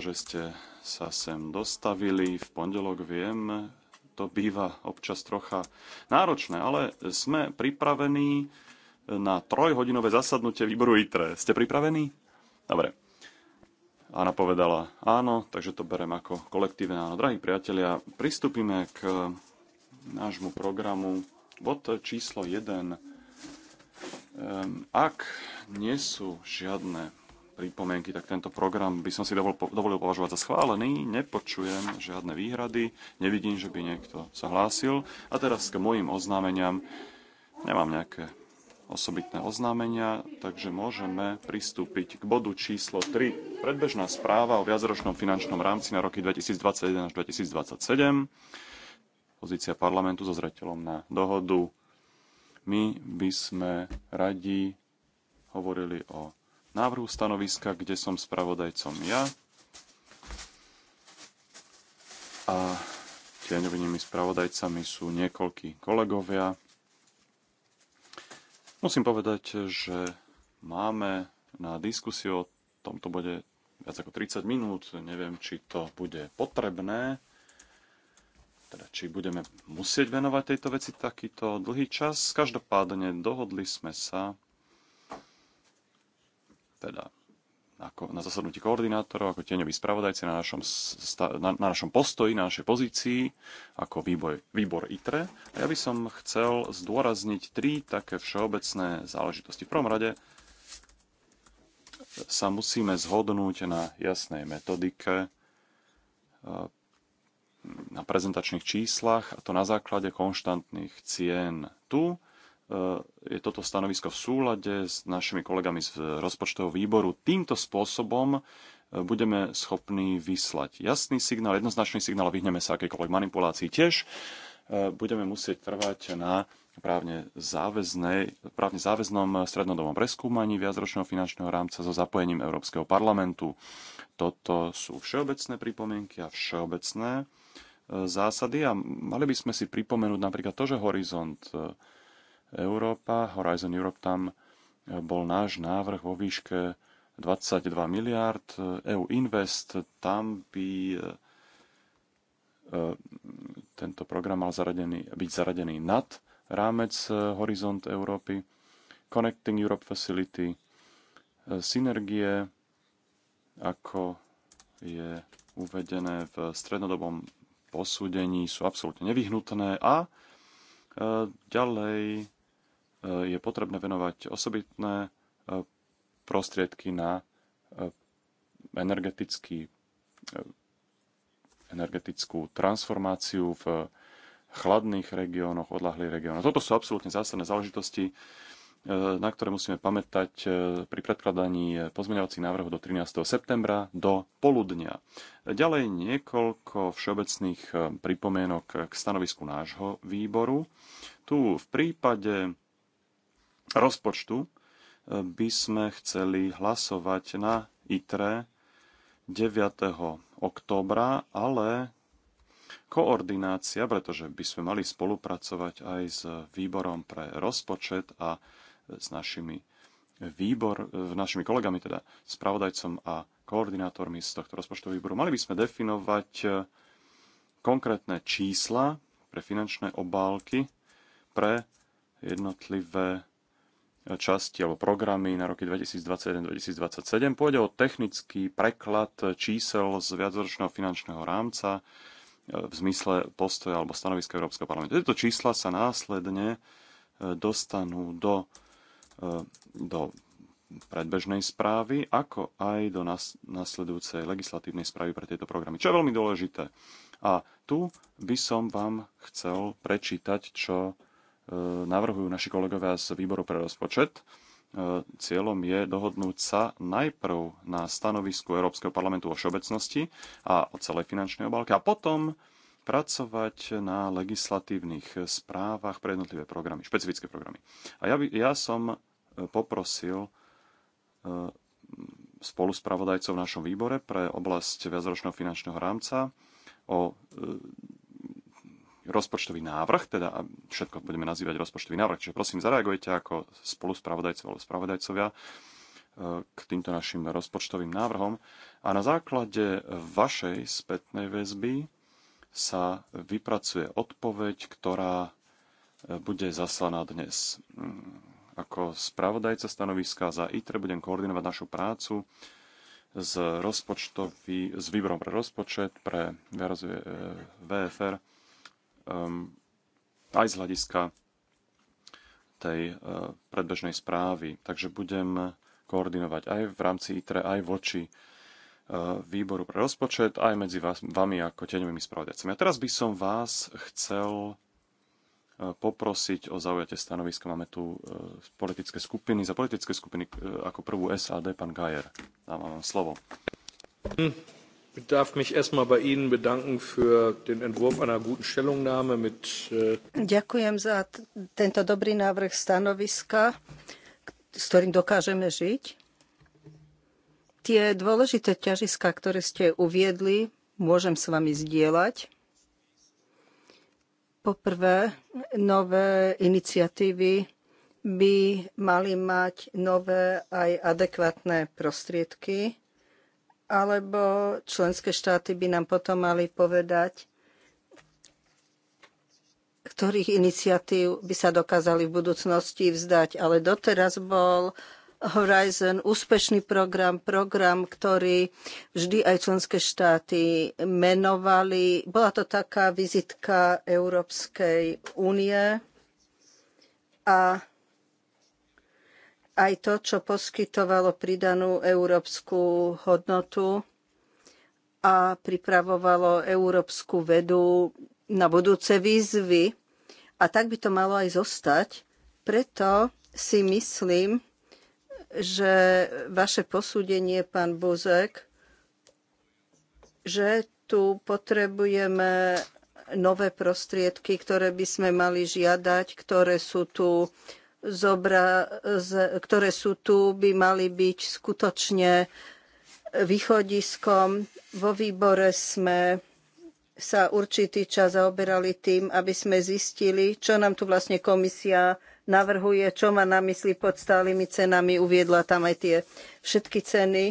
že ste sa sem dostavili. V pondelok viem, to býva občas trocha náročné, ale sme pripravení na trojhodinové zasadnutie výboru ITRE. Ste pripravení? Dobre. Anna povedala áno, takže to berem ako kolektívne áno. Drahí priatelia, pristúpime k nášmu programu. Bod číslo 1. Ehm, ak nie sú žiadne pripomienky, tak tento program by som si dovol, dovolil považovať za schválený. Nepočujem žiadne výhrady, nevidím, že by niekto sa hlásil. A teraz k mojim oznámeniam. Nemám nejaké osobitné oznámenia, takže môžeme pristúpiť k bodu číslo 3. Predbežná správa o viacročnom finančnom rámci na roky 2021 až 2027. Pozícia parlamentu so zreteľom na dohodu. My by sme radi hovorili o návrhu stanoviska, kde som spravodajcom ja a tieňovými spravodajcami sú niekoľkí kolegovia. Musím povedať, že máme na diskusiu o tomto bode viac ako 30 minút. Neviem, či to bude potrebné, teda či budeme musieť venovať tejto veci takýto dlhý čas. Každopádne dohodli sme sa, teda ako na zasadnutí koordinátorov, ako tieňový spravodajci na našom, na, na našom postoji, na našej pozícii, ako výboj, výbor ITRE. A ja by som chcel zdôrazniť tri také všeobecné záležitosti. V prvom rade sa musíme zhodnúť na jasnej metodike, e, na prezentačných číslach, a to na základe konštantných cien. Tu je toto stanovisko v súlade s našimi kolegami z rozpočtového výboru. Týmto spôsobom e, budeme schopní vyslať jasný signál, jednoznačný signál a vyhneme sa akejkoľvek manipulácii. Tiež e, budeme musieť trvať na právne, záväznej, právne záväznom strednodobom preskúmaní viacročného finančného rámca so zapojením Európskeho parlamentu. Toto sú všeobecné pripomienky a všeobecné e, zásady a mali by sme si pripomenúť napríklad to, že Horizont Európa, Horizon Europe, tam eh, bol náš návrh vo výške 22 miliárd. EU eh, e Invest, tam by eh, tento program mal zaradený, byť zaradený nad rámec Horizont Európy. Connecting Europe Facility, synergie, ako je uvedené v strednodobom posúdení, sú absolútne nevyhnutné a ďalej je potrebné venovať osobitné e, prostriedky na e, energetický, e, energetickú transformáciu v chladných regiónoch, odlahlých regiónoch. Toto sú absolútne zásadné záležitosti, na ktoré musíme pamätať pri predkladaní pozmeňovacích návrhov do 13. septembra do poludnia. Ďalej niekoľko všeobecných pripomienok k stanovisku nášho výboru. Tu v prípade rozpočtu eh, by sme chceli hlasovať na ITRE 9. októbra, ale koordinácia, pretože by sme mali spolupracovať aj s výborom pre rozpočet a s našimi výbor, našimi kolegami, teda spravodajcom a koordinátormi z tohto rozpočtového výboru. Mali by sme definovať eh, konkrétne čísla pre finančné obálky pre jednotlivé časti alebo programy na roky 2021-2027. Pôjde o technický preklad čísel z viacročného finančného rámca e, v zmysle postoja alebo stanoviska Európskeho parlamentu. Tieto čísla sa následne e, dostanú do, e, do predbežnej správy, ako aj do nasledujúcej legislatívnej správy pre tieto programy, čo je veľmi dôležité. A tu by som vám chcel prečítať, čo Eh, navrhujú naši kolegovia z výboru pre rozpočet. Eh, cieľom je dohodnúť sa najprv na stanovisku Európskeho parlamentu o všeobecnosti a o celej finančnej obálke a potom pracovať na legislatívnych správach pre jednotlivé programy, špecifické programy. A ja, by, ja som eh, poprosil spoluspravodajcov v našom výbore pre oblasť viacročného finančného rámca o rozpočtový návrh, teda všetko budeme nazývať rozpočtový návrh, čiže prosím zareagujte ako spoluspravodajcov alebo spravodajcovia e, k týmto našim rozpočtovým návrhom a na základe vašej spätnej väzby sa vypracuje odpoveď, ktorá e, bude zaslaná dnes. Mm, ako spravodajca stanoviska za ITRE budem koordinovať našu prácu s, rozpočtový, s výborom pre rozpočet, pre VFR um, aj z hľadiska tej uh, predbežnej správy. Takže budem koordinovať aj v rámci ITRE, aj voči uh, výboru pre rozpočet, aj medzi vás, vami ako teňovými spravodajcami. A teraz by som vás chcel uh, poprosiť o zaujatie stanoviska. Máme tu uh, politické skupiny. Za politické skupiny uh, ako prvú SAD pán Gajer. Dávam vám slovo. Mm. Ich darf mich erstmal bei Ihnen bedanken für den Entwurf einer guten Stellungnahme mit äh, Ďakujem za tento dobrý návrh stanoviska, s ktorým dokážeme žiť. Tie dôležité ťažiska, ktoré ste uviedli, môžem s vami zdieľať. Poprvé, nové iniciatívy by mali mať nové aj adekvátne prostriedky alebo členské štáty by nám potom mali povedať, ktorých iniciatív by sa dokázali v budúcnosti vzdať. Ale doteraz bol Horizon úspešný program, program, ktorý vždy aj členské štáty menovali. Bola to taká vizitka Európskej únie a aj to, čo poskytovalo pridanú európsku hodnotu a pripravovalo európsku vedu na budúce výzvy. A tak by to malo aj zostať. Preto si myslím, že vaše posúdenie, pán Buzek, že tu potrebujeme nové prostriedky, ktoré by sme mali žiadať, ktoré sú tu z, ktoré sú tu, by mali byť skutočne východiskom. Vo výbore sme sa určitý čas zaoberali tým, aby sme zistili, čo nám tu vlastne komisia navrhuje, čo má na mysli pod stálymi cenami, uviedla tam aj tie všetky ceny,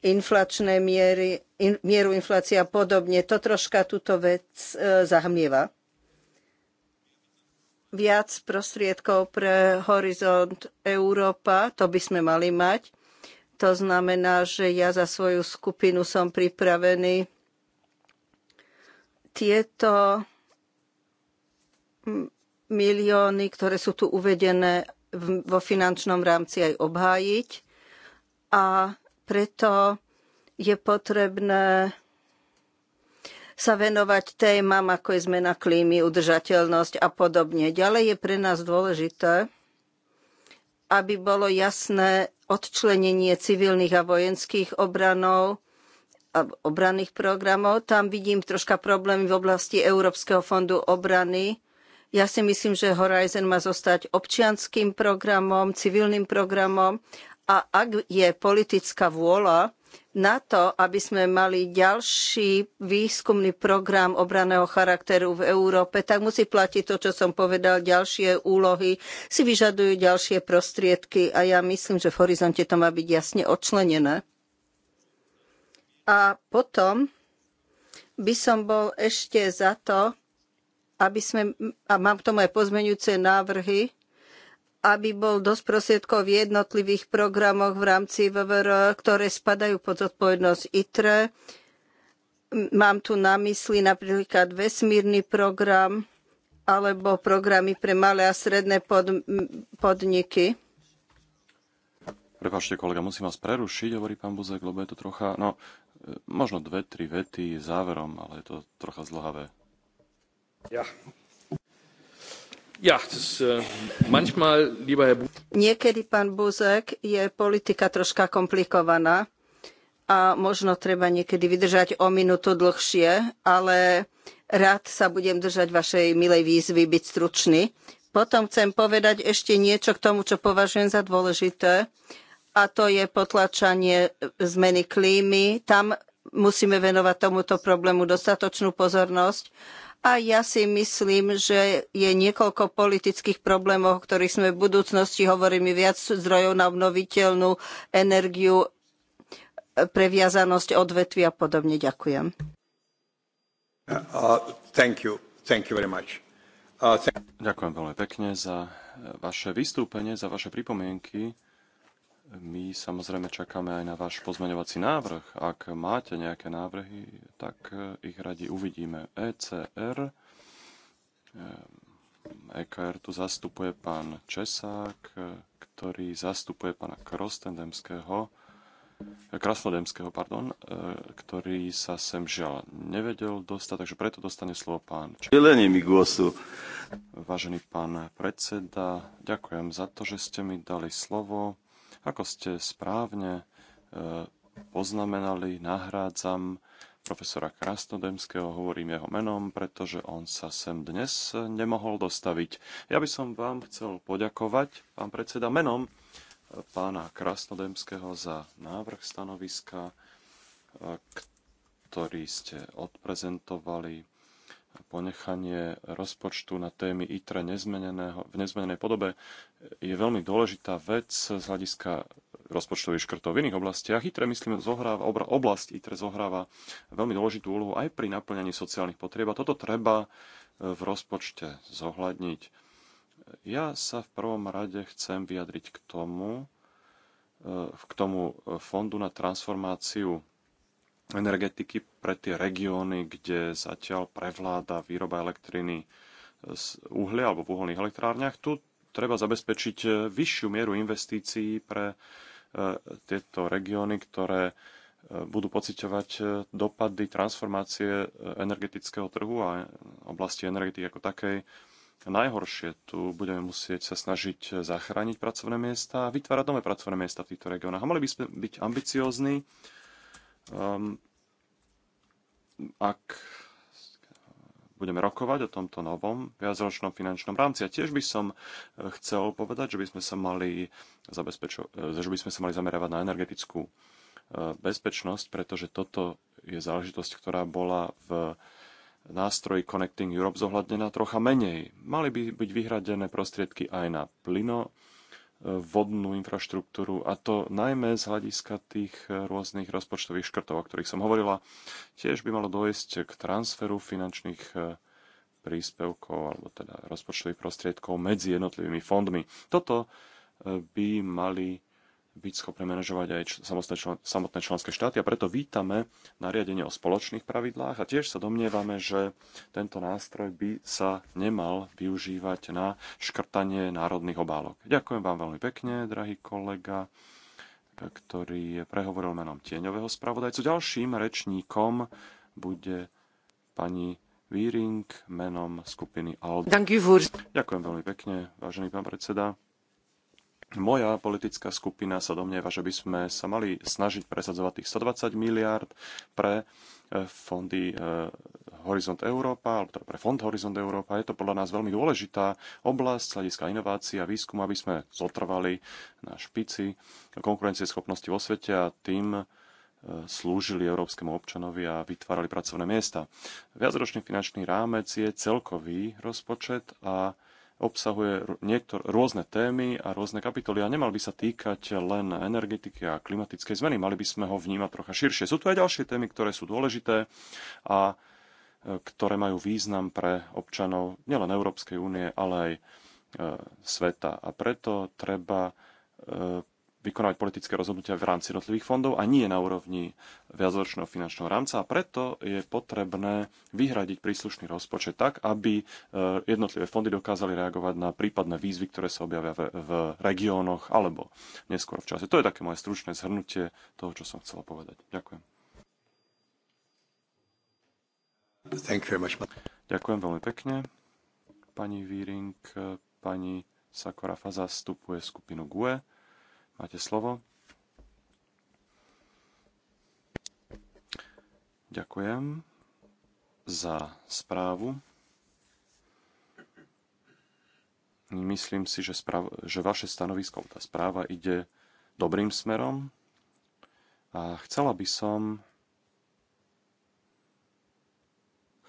inflačné miery, in, mieru inflácia a podobne. To troška túto vec e, zahmlieva viac prostriedkov pre Horizont Európa, to by sme mali mať. To znamená, že ja za svoju skupinu som pripravený tieto milióny, ktoré sú tu uvedené vo finančnom rámci aj obhájiť. A preto je potrebné sa venovať témam, ako je zmena klímy, udržateľnosť a podobne. Ďalej je pre nás dôležité, aby bolo jasné odčlenenie civilných a vojenských obranov a obranných programov. Tam vidím troška problémy v oblasti Európskeho fondu obrany, ja si myslím, že Horizon má zostať občianským programom, civilným programom a ak je politická vôľa, na to, aby sme mali ďalší výskumný program obraného charakteru v Európe, tak musí platiť to, čo som povedal. Ďalšie úlohy si vyžadujú ďalšie prostriedky a ja myslím, že v horizonte to má byť jasne odčlenené. A potom by som bol ešte za to, aby sme, a mám k tomu aj pozmeňujúce návrhy, aby bol dosť prosiedkov v jednotlivých programoch v rámci VVR, ktoré spadajú pod zodpovednosť ITRE. Mám tu na mysli napríklad vesmírny program alebo programy pre malé a stredné pod, podniky. Prepašte, kolega, musím vás prerušiť, hovorí pán Buzek, lebo je to trocha, no, e, možno dve, tri vety záverom, ale je to trocha zlhavé. Ja, ja, das, äh, lieber Herr Niekedy, pán Buzek, je politika troška komplikovaná a možno treba niekedy vydržať o minútu dlhšie, ale rád sa budem držať vašej milej výzvy byť stručný. Potom chcem povedať ešte niečo k tomu, čo považujem za dôležité, a to je potlačanie zmeny klímy. Tam musíme venovať tomuto problému dostatočnú pozornosť a ja si myslím, že je niekoľko politických problémov, o ktorých sme v budúcnosti hovorili viac zdrojov na obnoviteľnú energiu, previazanosť odvetví a podobne. Ďakujem. Uh, thank you. Thank you very much. Uh, Ďakujem veľmi pekne za vaše vystúpenie, za vaše pripomienky. My samozrejme čakáme aj na váš pozmeňovací návrh. Ak máte nejaké návrhy, tak eh, ich radi uvidíme. ECR, EKR ehm, e tu zastupuje pán Česák, eh, ktorý zastupuje pána Krostendemského, eh, Krasnodemského, pardon, ktorý sa sem žiaľ nevedel dostať, takže preto dostane slovo pán Česák. Vážený pán predseda, ďakujem za to, že ste mi dali slovo. Ako ste správne e, poznamenali, nahrádzam profesora Krasnodemského, hovorím jeho menom, pretože on sa sem dnes nemohol dostaviť. Ja by som vám chcel poďakovať, pán predseda, menom e, pána Krasnodemského za návrh stanoviska, e, ktorý ste odprezentovali ponechanie rozpočtu na témy ITRE v nezmenenej podobe je veľmi dôležitá vec z hľadiska rozpočtových škrtov v iných oblastiach. ITRE, myslím, zohráva, oblasť ITRE zohráva veľmi dôležitú úlohu aj pri naplňaní sociálnych potrieb a toto treba e, v rozpočte zohľadniť. Ja sa v prvom rade chcem vyjadriť k tomu, e, k tomu e, fondu na transformáciu energetiky pre tie regióny, kde zatiaľ prevláda výroba elektriny z uhlia alebo v uholných elektrárniach. Tu treba zabezpečiť eh, vyššiu mieru investícií pre eh, tieto regióny, ktoré eh, budú pociťovať dopady transformácie energetického trhu a oblasti energetiky ako takej najhoršie. Tu budeme musieť sa snažiť zachrániť pracovné miesta a vytvárať nové pracovné miesta v týchto regiónoch. A mali by sme byť ambiciózni Um, ak budeme rokovať o tomto novom viacročnom finančnom rámci. A tiež by som eh, chcel povedať, že by sme sa mali, zabezpečo- eh, že by sme sa mali zamerávať na energetickú eh, bezpečnosť, pretože toto je záležitosť, ktorá bola v nástroji Connecting Europe zohľadnená trocha menej. Mali by byť vyhradené prostriedky aj na plyno, vodnú infraštruktúru a to najmä z hľadiska tých eh, rôznych rozpočtových škrtov, o ktorých som hovorila. Tiež by malo dojsť k transferu finančných eh, príspevkov alebo teda rozpočtových prostriedkov medzi jednotlivými fondmi. Toto eh, by mali byť schopné manažovať aj samotné, členské štáty a preto vítame nariadenie o spoločných pravidlách a tiež sa domnievame, že tento nástroj by sa nemal využívať na škrtanie národných obálok. Ďakujem vám veľmi pekne, drahý kolega, ktorý prehovoril menom tieňového spravodajcu. Ďalším rečníkom bude pani Víring menom skupiny ALDE. Ďakujem veľmi pekne, vážený pán predseda. Moja politická skupina sa domnieva, že by sme sa mali snažiť presadzovať tých 120 miliárd pre e, fondy e, Horizont Európa, alebo teda pre fond Horizont Európa. Je to podľa nás veľmi dôležitá oblasť z hľadiska inovácií a výskumu, aby sme zotrvali na špici konkurencieschopnosti vo svete a tým e, slúžili európskemu občanovi a vytvárali pracovné miesta. Viacročný finančný rámec je celkový rozpočet a obsahuje niektor, rôzne témy a rôzne kapitoly a nemal by sa týkať len energetiky a klimatickej zmeny. Mali by sme ho vnímať trocha širšie. Sú tu aj ďalšie témy, ktoré sú dôležité a e, ktoré majú význam pre občanov nielen Európskej únie, ale aj e, sveta. A preto treba e, vykonávať politické rozhodnutia v rámci jednotlivých fondov a nie na úrovni viacročného finančného rámca. A preto je potrebné vyhradiť príslušný rozpočet tak, aby e, jednotlivé fondy dokázali reagovať na prípadné výzvy, ktoré sa objavia v, regiónoch alebo neskôr v čase. To je také moje stručné zhrnutie toho, čo som chcela povedať. Ďakujem. Thank you very much. Ďakujem veľmi pekne. Pani Víring, pani Sakura Faza zastupuje skupinu GUE. Máte slovo. Ďakujem za správu. Myslím si, že, že vaše stanovisko, tá správa ide dobrým smerom a chcela by som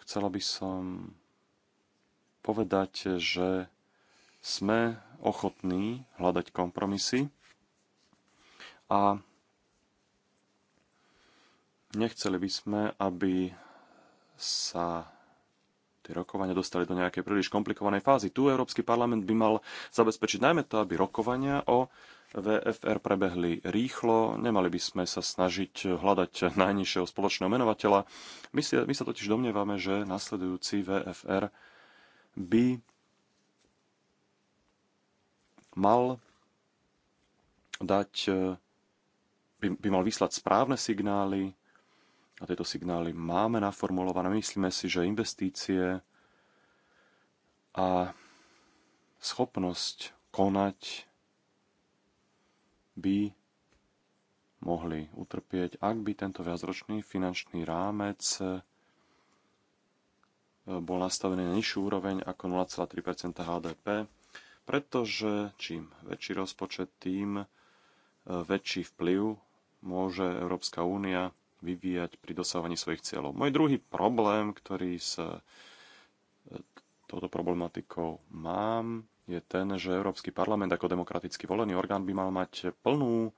chcela by som povedať, že sme ochotní hľadať kompromisy a nechceli by sme, aby sa tie rokovania dostali do nejakej príliš komplikovanej fázy. Tu Európsky parlament by mal zabezpečiť najmä to, aby rokovania o VFR prebehli rýchlo, nemali by sme sa snažiť hľadať najnižšieho spoločného menovateľa. My, si, my sa totiž domnievame, že nasledujúci VFR by mal dať eh, by, by mal vyslať správne signály a tieto signály máme naformulované. Myslíme si, že investície a schopnosť konať by mohli utrpieť, ak by tento viacročný finančný rámec e, bol nastavený na nižšiu úroveň ako 0,3 HDP, pretože čím väčší rozpočet, tým e, väčší vplyv môže Európska únia vyvíjať pri dosahovaní svojich cieľov. Môj druhý problém, ktorý s e, touto problematikou mám, je ten, že Európsky parlament ako demokraticky volený orgán by mal mať plnú e,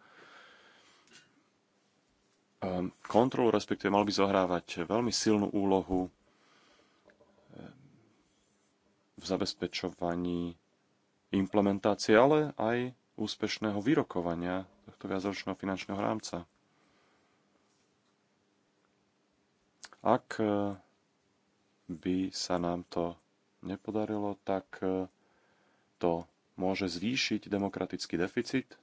kontrolu, respektíve mal by zohrávať veľmi silnú úlohu e, v zabezpečovaní implementácie, ale aj úspešného vyrokovania tohto viacročného finančného rámca. Ak e, by sa nám to nepodarilo, tak e, to môže zvýšiť demokratický deficit,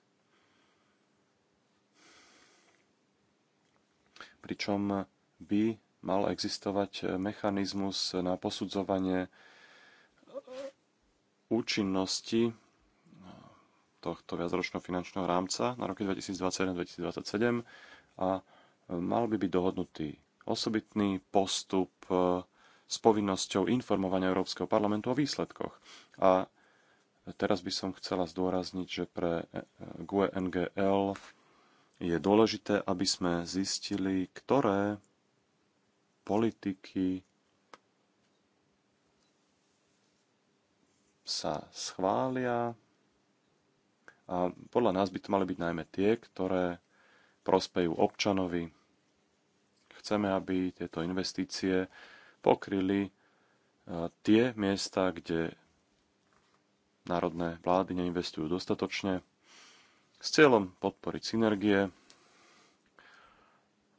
pričom by mal existovať mechanizmus na posudzovanie účinnosti tohto viacročného finančného rámca na roky 2021-2027 a e, mal by byť dohodnutý osobitný postup e, s povinnosťou informovania Európskeho parlamentu o výsledkoch. A teraz by som chcela zdôrazniť, že pre e, GUE NGL je dôležité, aby sme zistili, ktoré politiky sa schvália a podľa nás by to mali byť najmä tie, ktoré prospejú občanovi. Chceme, aby tieto investície pokryli e, tie miesta, kde národné vlády neinvestujú dostatočne, s cieľom podporiť synergie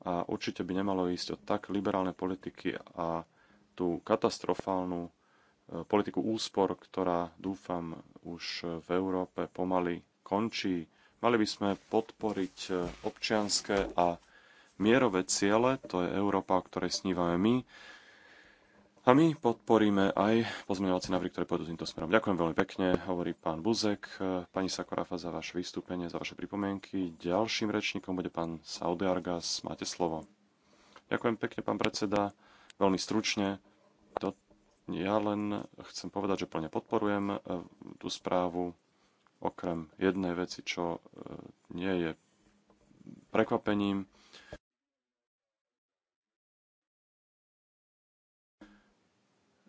a určite by nemalo ísť o tak liberálne politiky a tú katastrofálnu e, politiku úspor, ktorá dúfam už v Európe pomaly končí. Mali by sme podporiť e, občianské a mierové ciele, to je Európa, o ktorej snívame my. A my podporíme aj pozmeňovací návrhy, ktoré pôjdu týmto smerom. Ďakujem veľmi pekne, hovorí pán Buzek, e, pani Sakorafa za vaše vystúpenie, za vaše pripomienky. Ďalším rečníkom bude pán Saudi Argas. Máte slovo. Ďakujem pekne, pán predseda. Veľmi stručne. To ja len chcem povedať, že plne podporujem e, tú správu okrem jednej veci, čo e, nie je prekvapením.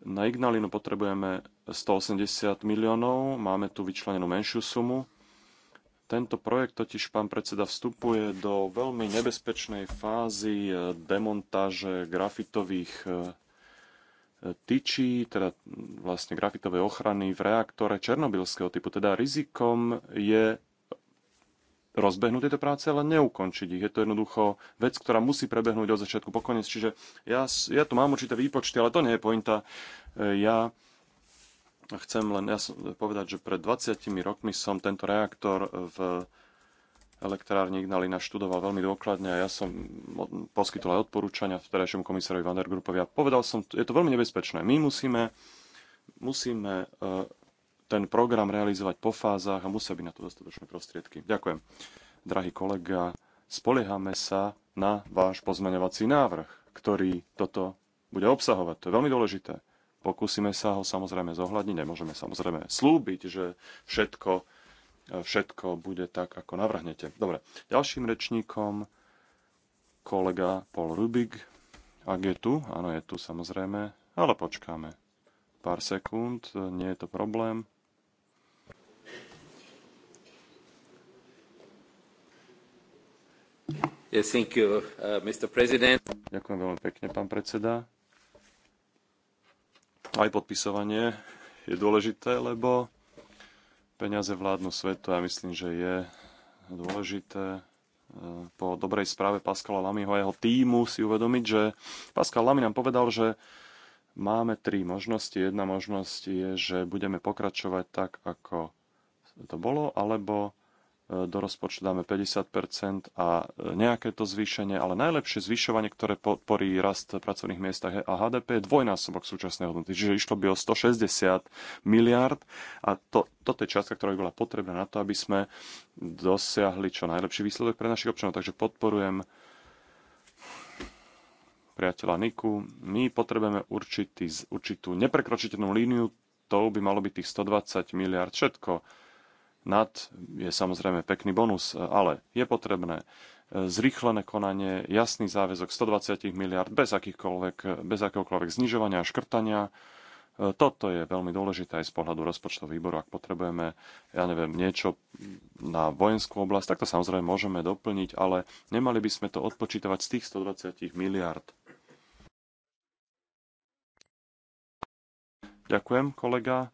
Na Ignalinu potrebujeme 180 miliónov, máme tu vyčlenenú menšiu sumu. Tento projekt totiž, pán predseda, vstupuje do veľmi nebezpečnej fázy e, demontáže grafitových e, tyčí, teda vlastne grafitovej ochrany v reaktore černobylského typu. Teda rizikom je rozbehnúť tieto práce, ale neukončiť ich. Je to jednoducho vec, ktorá musí prebehnúť od začiatku po koniec. Čiže ja, ja tu mám určité výpočty, ale to nie je pointa. Ja chcem len ja som povedať, že pred 20 rokmi som tento reaktor v elektrárne Ignalina študoval veľmi dôkladne a ja som poskytol aj odporúčania terajšom komisárovi Van der Grupovi a povedal som, je to veľmi nebezpečné. My musíme, musíme e, ten program realizovať po fázach a musia byť na to dostatočné prostriedky. Ďakujem. Drahý kolega, spoliehame sa na váš pozmeňovací návrh, ktorý toto bude obsahovať. To je veľmi dôležité. Pokúsime sa ho samozrejme zohľadniť. Nemôžeme samozrejme slúbiť, že všetko všetko bude tak, ako navrhnete. Dobre, ďalším rečníkom kolega Paul Rubik. Ak je tu, áno, je tu samozrejme, ale počkáme pár sekúnd, nie je to problém. Yes, thank you, uh, Mr. President. Ďakujem veľmi pekne, pán predseda. Aj podpisovanie je dôležité, lebo Peniaze vládnu svetu a myslím, že je dôležité e, po dobrej správe Paskala Lamyho a jeho týmu si uvedomiť, že Pascal Lamy nám povedal, že máme tri možnosti. Jedna možnosť je, že budeme pokračovať tak, ako to bolo, alebo do rozpočtu dáme 50 a e, nejaké to zvýšenie, ale najlepšie zvyšovanie, ktoré podporí rast pracovných miest a HDP je dvojnásobok súčasnej hodnoty. Čiže išlo by o 160 miliard a to, toto je částka, ktorá by bola potrebná na to, aby sme dosiahli čo najlepší výsledok pre našich občanov. Takže podporujem priateľa Niku. My potrebujeme určitý, určitú neprekročiteľnú líniu, to by malo byť tých 120 miliard všetko nad je samozrejme pekný bonus, ale je potrebné e, zrýchlené konanie, jasný záväzok 120 miliard bez, akýchkoľvek, bez akéhokoľvek znižovania a škrtania. E, toto je veľmi dôležité aj z pohľadu rozpočtov výboru. Ak potrebujeme, ja neviem, niečo na vojenskú oblasť, tak to samozrejme môžeme doplniť, ale nemali by sme to odpočítavať z tých 120 miliard. Ďakujem, kolega.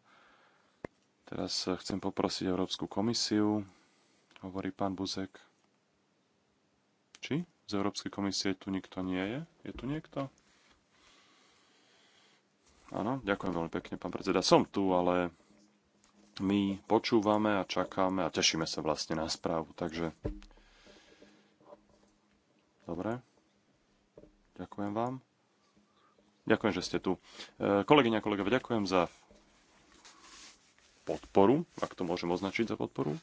Teraz eh, chcem poprosiť Európsku komisiu, hovorí pán Buzek. Či? Z Európskej komisie tu nikto nie je? Je tu niekto? Áno, ďakujem veľmi pekne, pán predseda. Som tu, ale my počúvame a čakáme a tešíme sa vlastne na správu, takže... Dobre. Ďakujem vám. Ďakujem, že ste tu. Eh, Kolegyňa, kolegovia, ďakujem za podporu, ak to môžem označiť za podporu. E,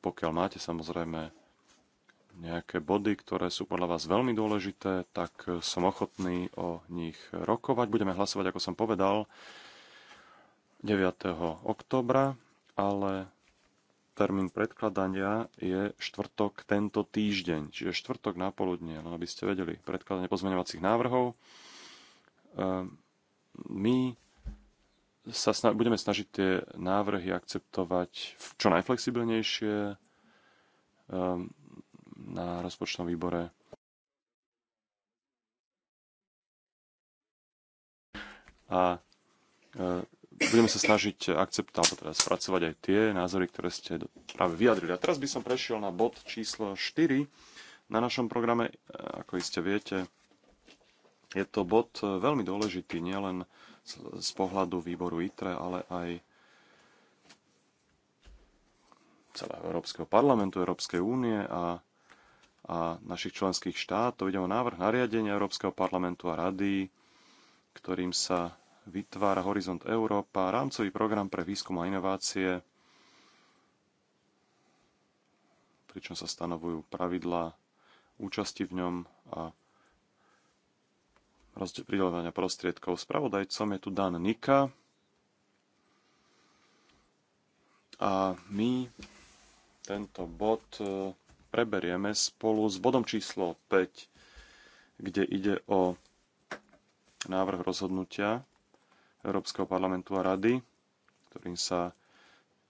pokiaľ máte samozrejme nejaké body, ktoré sú podľa vás veľmi dôležité, tak som ochotný o nich rokovať. Budeme hlasovať, ako som povedal, 9. oktobra, ale termín predkladania je štvrtok tento týždeň, čiže štvrtok na poludne, len aby ste vedeli, predkladanie pozmeňovacích návrhov. E, my sa sna- budeme snažiť tie návrhy akceptovať čo najflexibilnejšie um, na rozpočtovom výbore. A uh, budeme sa snažiť akceptovať, teda spracovať aj tie názory, ktoré ste práve vyjadrili. A teraz by som prešiel na bod číslo 4 na našom programe. E, ako iste viete, je to bod e, veľmi dôležitý nielen z pohľadu výboru ITRE, ale aj celého Európskeho parlamentu, Európskej únie a, a našich členských štátov. Ide o návrh nariadenia Európskeho parlamentu a rady, ktorým sa vytvára Horizont Európa, rámcový program pre výskum a inovácie, pričom sa stanovujú pravidlá účasti v ňom a pridelovania prostriedkov. Spravodajcom je tu Dan Nika. A my tento bod e, preberieme spolu s bodom číslo 5, kde ide o návrh rozhodnutia Európskeho parlamentu a rady, ktorým sa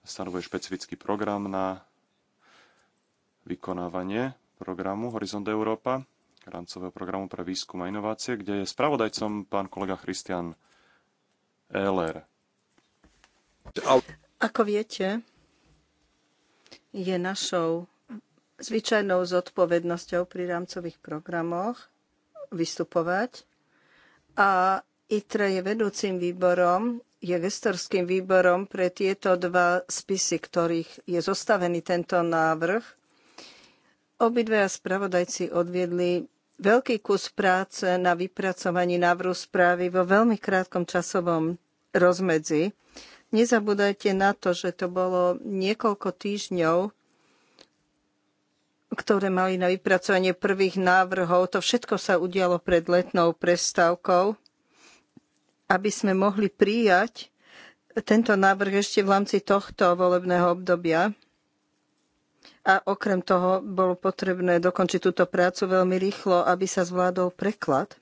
stanovuje špecifický program na vykonávanie programu Horizont Európa rámcového programu pre výskum a inovácie, kde je spravodajcom pán kolega Christian Ehler. Ako viete, je našou zvyčajnou zodpovednosťou pri rámcových programoch vystupovať a ITRE je vedúcim výborom, je gestorským výborom pre tieto dva spisy, ktorých je zostavený tento návrh. Obidvaja spravodajci odviedli veľký kus práce na vypracovaní návrhu správy vo veľmi krátkom časovom rozmedzi. Nezabúdajte na to, že to bolo niekoľko týždňov, ktoré mali na vypracovanie prvých návrhov. To všetko sa udialo pred letnou prestávkou, aby sme mohli prijať tento návrh ešte v rámci tohto volebného obdobia. A okrem toho bolo potrebné dokončiť túto prácu veľmi rýchlo, aby sa zvládol preklad.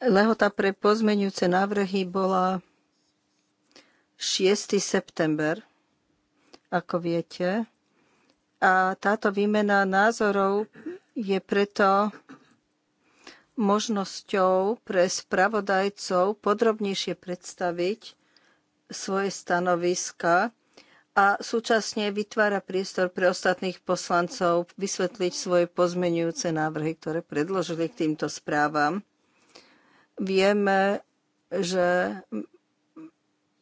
Lehota pre pozmenujúce návrhy bola 6. september, ako viete. A táto výmena názorov je preto možnosťou pre spravodajcov podrobnejšie predstaviť svoje stanoviska a súčasne vytvára priestor pre ostatných poslancov vysvetliť svoje pozmenujúce návrhy, ktoré predložili k týmto správam. Vieme, že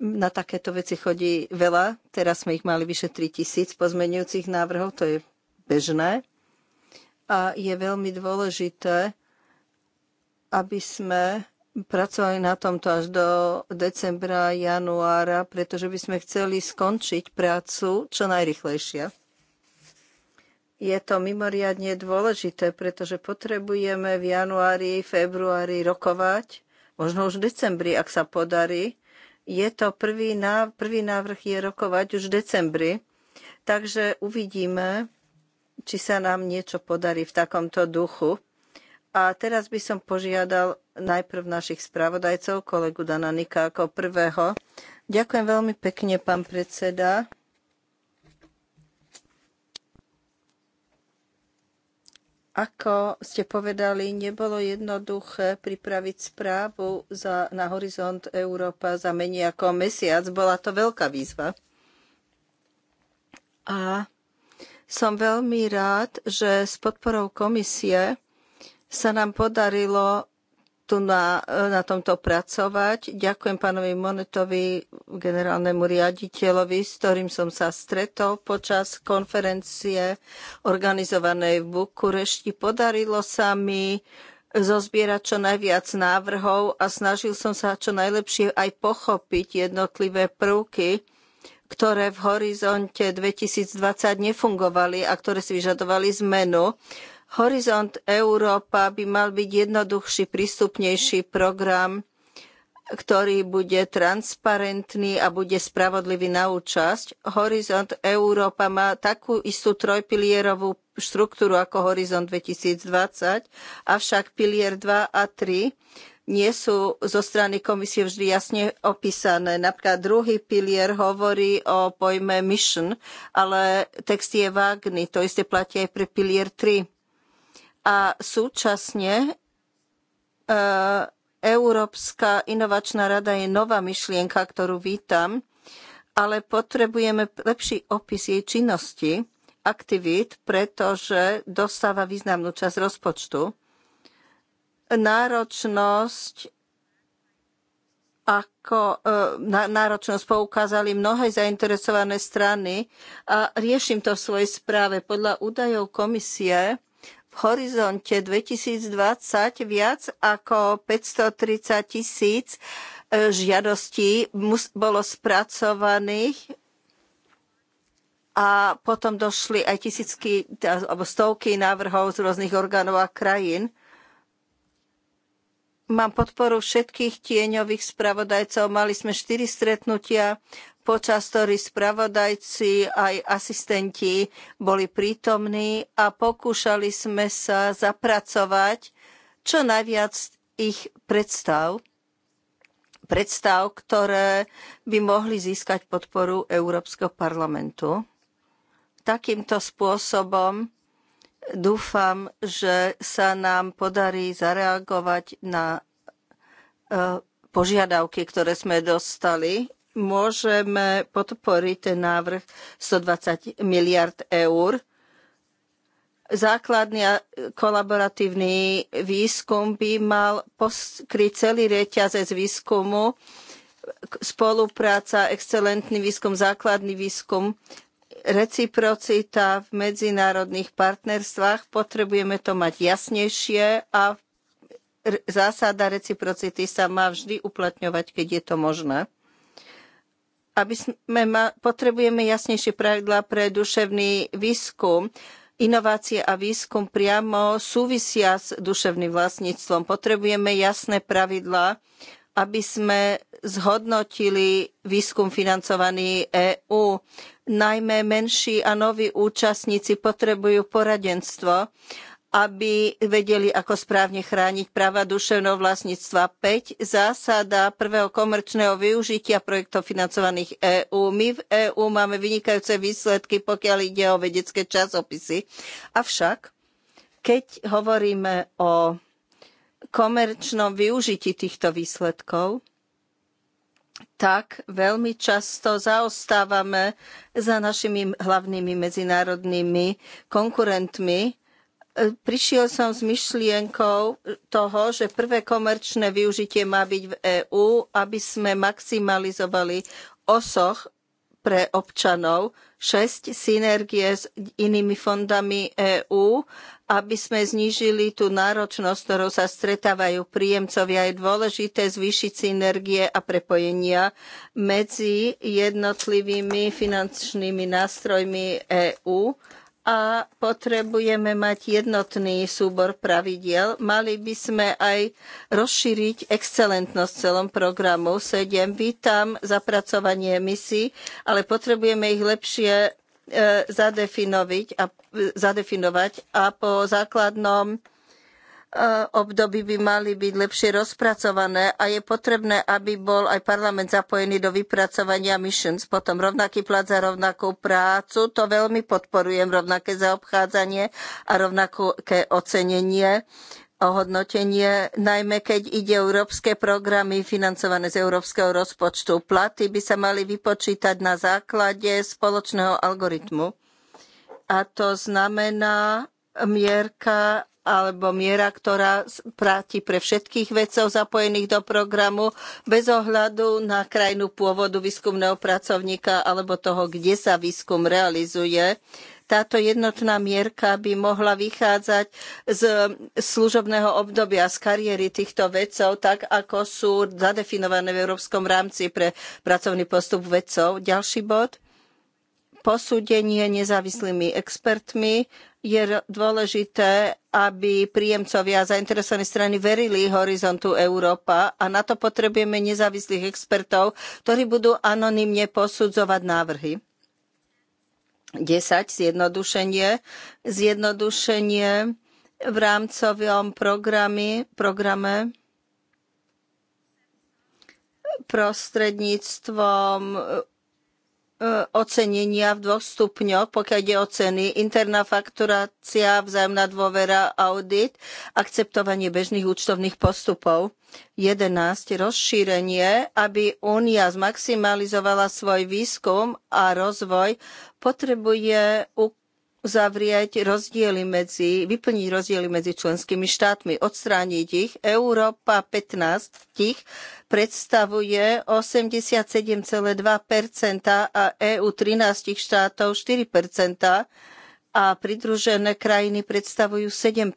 na takéto veci chodí veľa. Teraz sme ich mali vyše 3000 pozmenujúcich návrhov, to je bežné. A je veľmi dôležité, aby sme pracovali na tomto až do decembra, januára, pretože by sme chceli skončiť prácu čo najrychlejšie. Je to mimoriadne dôležité, pretože potrebujeme v januári, februári rokovať, možno už v decembri, ak sa podarí. Je to prvý, návrh, prvý návrh je rokovať už v decembri, takže uvidíme, či sa nám niečo podarí v takomto duchu. A teraz by som požiadal najprv našich spravodajcov, kolegu Dananika ako prvého. Ďakujem veľmi pekne, pán predseda. Ako ste povedali, nebolo jednoduché pripraviť správu za, na horizont Európa za menej ako mesiac. Bola to veľká výzva. A som veľmi rád, že s podporou komisie sa nám podarilo tu na, na tomto pracovať. Ďakujem pánovi Monetovi, generálnemu riaditeľovi, s ktorým som sa stretol počas konferencie organizovanej v Bukurešti. Podarilo sa mi zozbierať čo najviac návrhov a snažil som sa čo najlepšie aj pochopiť jednotlivé prvky, ktoré v horizonte 2020 nefungovali a ktoré si vyžadovali zmenu. Horizont Európa by mal byť jednoduchší, prístupnejší program, ktorý bude transparentný a bude spravodlivý na účasť. Horizont Európa má takú istú trojpilierovú štruktúru ako Horizont 2020, avšak pilier 2 a 3 nie sú zo strany komisie vždy jasne opísané. Napríklad druhý pilier hovorí o pojme mission, ale text je vágny. To isté platí aj pre pilier 3 a súčasne e, Európska inovačná rada je nová myšlienka, ktorú vítam, ale potrebujeme lepší opis jej činnosti, aktivít, pretože dostáva významnú časť rozpočtu. Náročnosť ako e, náročnosť poukázali mnohé zainteresované strany a riešim to v svojej správe. Podľa údajov komisie v horizonte 2020 viac ako 530 tisíc e, žiadostí bolo spracovaných a potom došli aj tisícky alebo stovky návrhov z rôznych orgánov a krajín. Mám podporu všetkých tieňových spravodajcov. Mali sme štyri stretnutia počas ktorých spravodajci aj asistenti boli prítomní a pokúšali sme sa zapracovať čo najviac ich predstav, predstav, ktoré by mohli získať podporu Európskeho parlamentu. Takýmto spôsobom dúfam, že sa nám podarí zareagovať na e, požiadavky, ktoré sme dostali môžeme podporiť ten návrh 120 miliard eur. Základný a kolaboratívny výskum by mal poskryť celý reťazec výskumu, spolupráca, excelentný výskum, základný výskum, reciprocita v medzinárodných partnerstvách. Potrebujeme to mať jasnejšie a zásada reciprocity sa má vždy uplatňovať, keď je to možné aby sme ma, potrebujeme jasnejšie pravidlá pre duševný výskum. Inovácie a výskum priamo súvisia s duševným vlastníctvom. Potrebujeme jasné pravidlá, aby sme zhodnotili výskum financovaný EÚ. Najmä menší a noví účastníci potrebujú poradenstvo aby vedeli, ako správne chrániť práva duševného vlastníctva. 5. Zásada prvého komerčného využitia projektov financovaných EÚ. My v EÚ máme vynikajúce výsledky, pokiaľ ide o vedecké časopisy. Avšak, keď hovoríme o komerčnom využití týchto výsledkov, tak veľmi často zaostávame za našimi hlavnými medzinárodnými konkurentmi, E, prišiel som s myšlienkou toho, že prvé komerčné využitie má byť v EÚ, aby sme maximalizovali osoch pre občanov, 6 synergie s inými fondami EÚ, aby sme znížili tú náročnosť, ktorou sa stretávajú príjemcovia. Je dôležité zvýšiť synergie a prepojenia medzi jednotlivými finančnými nástrojmi EÚ a potrebujeme mať jednotný súbor pravidiel. Mali by sme aj rozšíriť excelentnosť celom programu 7. Vítam zapracovanie misií, ale potrebujeme ich lepšie e, e, zadefinovať a po základnom E, období by mali byť lepšie rozpracované a je potrebné, aby bol aj parlament zapojený do vypracovania missions. Potom rovnaký plat za rovnakú prácu, to veľmi podporujem, rovnaké zaobchádzanie a rovnaké ocenenie ohodnotenie, najmä keď ide európske programy financované z európskeho rozpočtu. Platy by sa mali vypočítať na základe spoločného algoritmu. A to znamená mierka alebo miera, ktorá práti pre všetkých vedcov zapojených do programu bez ohľadu na krajinu pôvodu výskumného pracovníka alebo toho, kde sa výskum realizuje. Táto jednotná mierka by mohla vychádzať z služobného obdobia, z kariéry týchto vedcov, tak ako sú zadefinované v európskom rámci pre pracovný postup vedcov. Ďalší bod posúdenie nezávislými expertmi je dôležité, aby príjemcovia a zainteresované strany verili horizontu Európa a na to potrebujeme nezávislých expertov, ktorí budú anonymne posudzovať návrhy. 10. Zjednodušenie. Zjednodušenie v rámcovom programy, programe prostredníctvom E, ocenenia v dvoch stupňoch, pokiaľ ide o ceny, interná fakturácia, vzájomná dôvera, audit, akceptovanie bežných účtovných postupov. 11. Rozšírenie, aby Únia zmaximalizovala svoj výskum a rozvoj, potrebuje uzavrieť rozdiely medzi, vyplniť rozdiely medzi členskými štátmi, odstrániť ich. Európa 15 tých predstavuje 87,2% a EU 13 štátov 4% a pridružené krajiny predstavujú 7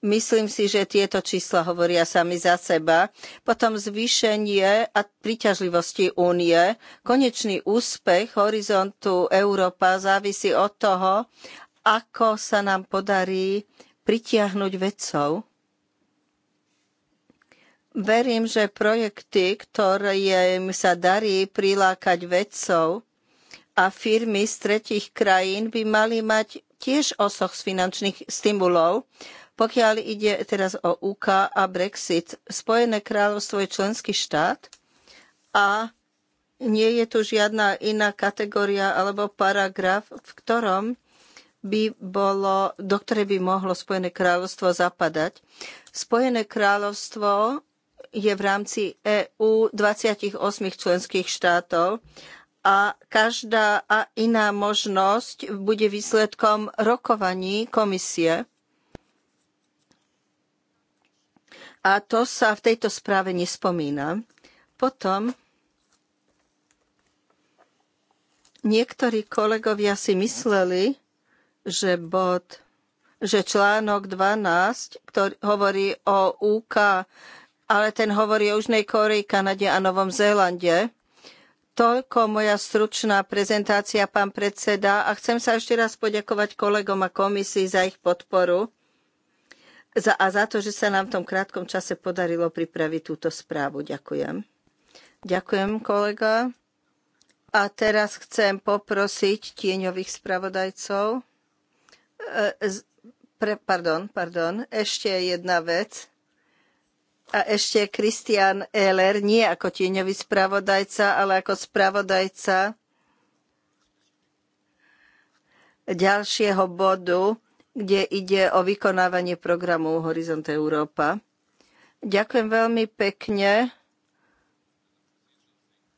Myslím si, že tieto čísla hovoria sami za seba. Potom zvýšenie a príťažlivosti únie. Konečný úspech horizontu Európa závisí od toho, ako sa nám podarí pritiahnuť vedcov. Verím, že projekty, ktoré im sa darí prilákať vedcov, a firmy z tretich krajín by mali mať tiež osoch z finančných stimulov. Pokiaľ ide teraz o UK a Brexit, Spojené kráľovstvo je členský štát a nie je tu žiadna iná kategória alebo paragraf, v ktorom by bolo, do ktorej by mohlo Spojené kráľovstvo zapadať. Spojené kráľovstvo je v rámci EÚ 28 členských štátov a každá a iná možnosť bude výsledkom rokovaní komisie. A to sa v tejto správe nespomína. Potom niektorí kolegovia si mysleli, že bod, že článok 12, ktorý hovorí o UK, ale ten hovorí o Južnej Kórii, Kanade a Novom Zélande, Toľko moja stručná prezentácia, pán predseda, a chcem sa ešte raz poďakovať kolegom a komisii za ich podporu a za to, že sa nám v tom krátkom čase podarilo pripraviť túto správu. Ďakujem. Ďakujem, kolega. A teraz chcem poprosiť tieňových spravodajcov. E, pre, pardon, pardon, ešte jedna vec a ešte Kristian Ehler, nie ako tieňový spravodajca, ale ako spravodajca ďalšieho bodu, kde ide o vykonávanie programu Horizont Európa. Ďakujem veľmi pekne.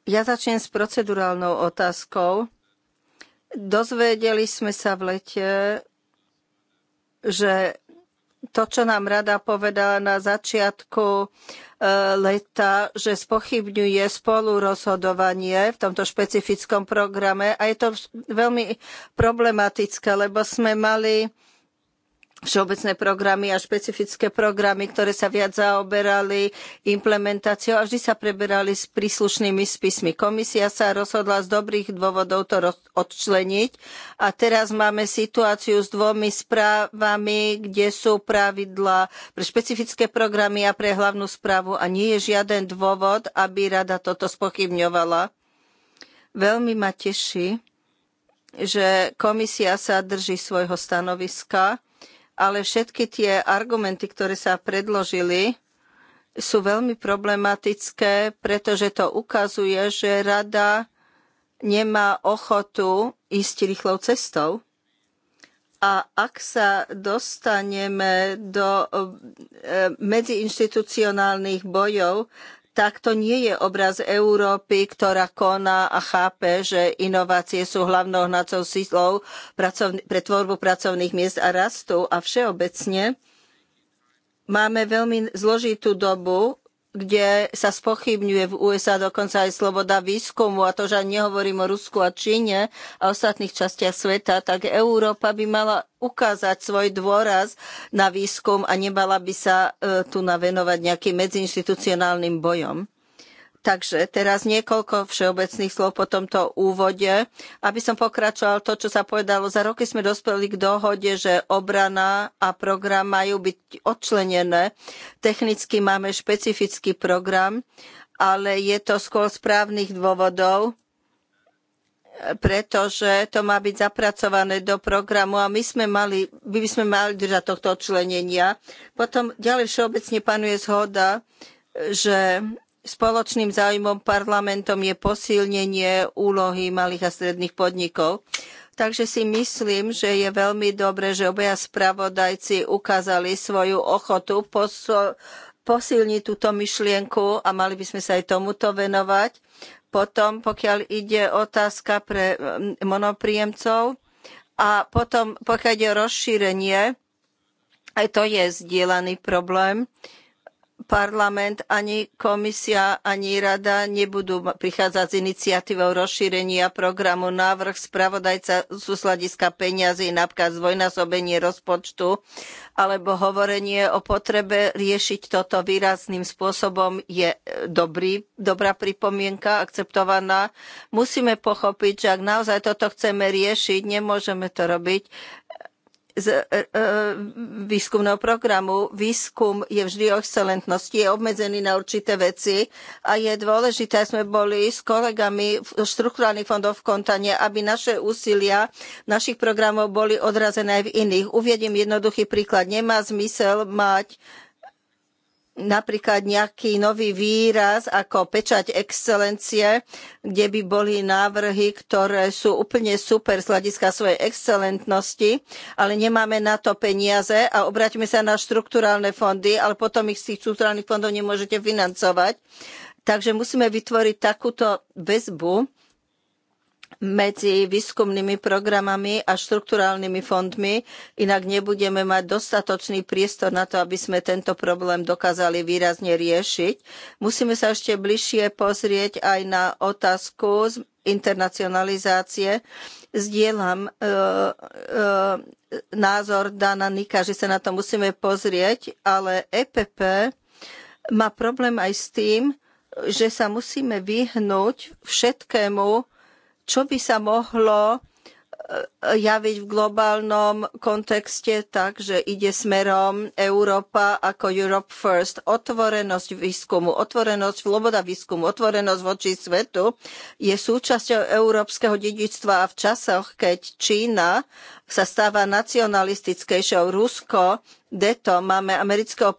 Ja začnem s procedurálnou otázkou. Dozvedeli sme sa v lete, že to, čo nám rada povedala na začiatku e, leta, že spochybňuje spolurozhodovanie v tomto špecifickom programe a je to veľmi problematické, lebo sme mali všeobecné programy a špecifické programy, ktoré sa viac zaoberali implementáciou a vždy sa preberali s príslušnými spismi. Komisia sa rozhodla z dobrých dôvodov to odčleniť a teraz máme situáciu s dvomi správami, kde sú pravidlá pre špecifické programy a pre hlavnú správu a nie je žiaden dôvod, aby rada toto spochybňovala. Veľmi ma teší, že komisia sa drží svojho stanoviska ale všetky tie argumenty, ktoré sa predložili, sú veľmi problematické, pretože to ukazuje, že rada nemá ochotu ísť rýchlou cestou. A ak sa dostaneme do eh, medziinštitucionálnych bojov, tak to nie je obraz Európy, ktorá koná a chápe, že inovácie sú hlavnou hnacou silou pre tvorbu pracovných miest a rastu a všeobecne máme veľmi zložitú dobu, kde sa spochybňuje v USA dokonca aj sloboda výskumu a to, že nehovorím o Rusku a Číne a ostatných častiach sveta, tak Európa by mala ukázať svoj dôraz na výskum a nebala by sa e, tu navenovať nejakým medziinstitucionálnym bojom. Takže teraz niekoľko všeobecných slov po tomto úvode. Aby som pokračoval to, čo sa povedalo, za roky sme dospeli k dohode, že obrana a program majú byť odčlenené. Technicky máme špecifický program, ale je to skôr správnych dôvodov, pretože to má byť zapracované do programu a my sme mali, my by sme mali držať tohto odčlenenia. Potom ďalej všeobecne panuje zhoda, že spoločným záujmom parlamentom je posilnenie úlohy malých a stredných podnikov. Takže si myslím, že je veľmi dobré, že obaja spravodajci ukázali svoju ochotu posilniť túto myšlienku a mali by sme sa aj tomuto venovať. Potom, pokiaľ ide otázka pre monopríjemcov a potom, pokiaľ ide rozšírenie, aj to je zdieľaný problém. Uh, parlament, ani komisia, ani rada nebudú prichádzať s iniciatívou rozšírenia programu návrh spravodajca sú z hľadiska peňazí, napríklad zdvojnásobenie rozpočtu, alebo hovorenie o potrebe riešiť toto výrazným spôsobom je e, dobrý, dobrá pripomienka, akceptovaná. Musíme pochopiť, že ak naozaj toto chceme riešiť, nemôžeme to robiť z e, e, výskumného programu. Výskum je vždy o excelentnosti, je obmedzený na určité veci a je dôležité, sme boli s kolegami v štruktúrálnych fondov v Kontane, aby naše úsilia našich programov boli odrazené aj v iných. Uviediem jednoduchý príklad. Nemá zmysel mať napríklad nejaký nový výraz ako pečať excelencie, kde by boli návrhy, ktoré sú úplne super z hľadiska svojej excelentnosti, ale nemáme na to peniaze a obraťme sa na štrukturálne fondy, ale potom ich z tých štrukturálnych fondov nemôžete financovať. Takže musíme vytvoriť takúto väzbu medzi výskumnými programami a štrukturálnymi fondmi, inak nebudeme mať dostatočný priestor na to, aby sme tento problém dokázali výrazne riešiť. Musíme sa ešte bližšie pozrieť aj na otázku z internacionalizácie. Zdieľam e, e, názor Dana Nika, že sa na to musíme pozrieť, ale EPP má problém aj s tým, že sa musíme vyhnúť všetkému, čo by sa mohlo e, e, javiť v globálnom kontexte tak, že ide smerom Európa ako Europe First. Otvorenosť výskumu, otvorenosť, sloboda výskumu, otvorenosť voči svetu je súčasťou európskeho dedičstva a v časoch, keď Čína sa stáva nacionalistickejšou, Rusko Deto máme amerického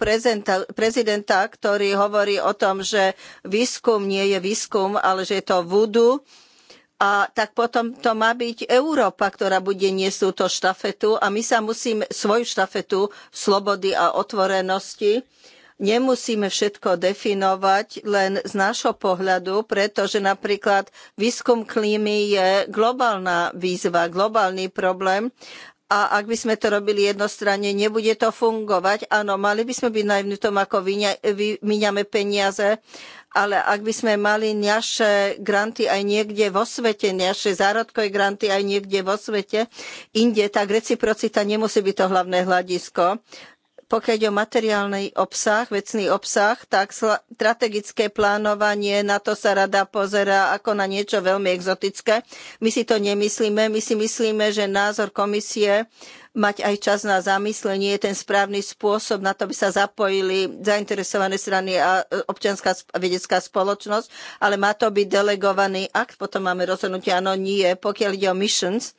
prezidenta, ktorý hovorí o tom, že výskum nie je výskum, ale že je to voodoo a tak potom to má byť Európa, ktorá bude niesť túto štafetu a my sa musíme svoju štafetu slobody a otvorenosti nemusíme všetko definovať len z nášho pohľadu, pretože napríklad výskum klímy je globálna výzva, globálny problém a ak by sme to robili jednostranne, nebude to fungovať. Áno, mali by sme byť naivní v tom, ako vymiňame peniaze, ale ak by sme mali naše granty aj niekde vo svete, naše zárodkové granty aj niekde vo svete, inde, tak reciprocita nemusí byť to hlavné hľadisko. Pokiaľ ide o materiálny obsah, vecný obsah, tak strategické plánovanie, na to sa rada pozerá ako na niečo veľmi exotické. My si to nemyslíme, my si myslíme, že názor komisie mať aj čas na zamyslenie, je ten správny spôsob, na to by sa zapojili zainteresované strany a e, občianská vedecká spoločnosť, ale má to byť delegovaný akt, potom máme rozhodnutie, áno, nie, pokiaľ ide o missions,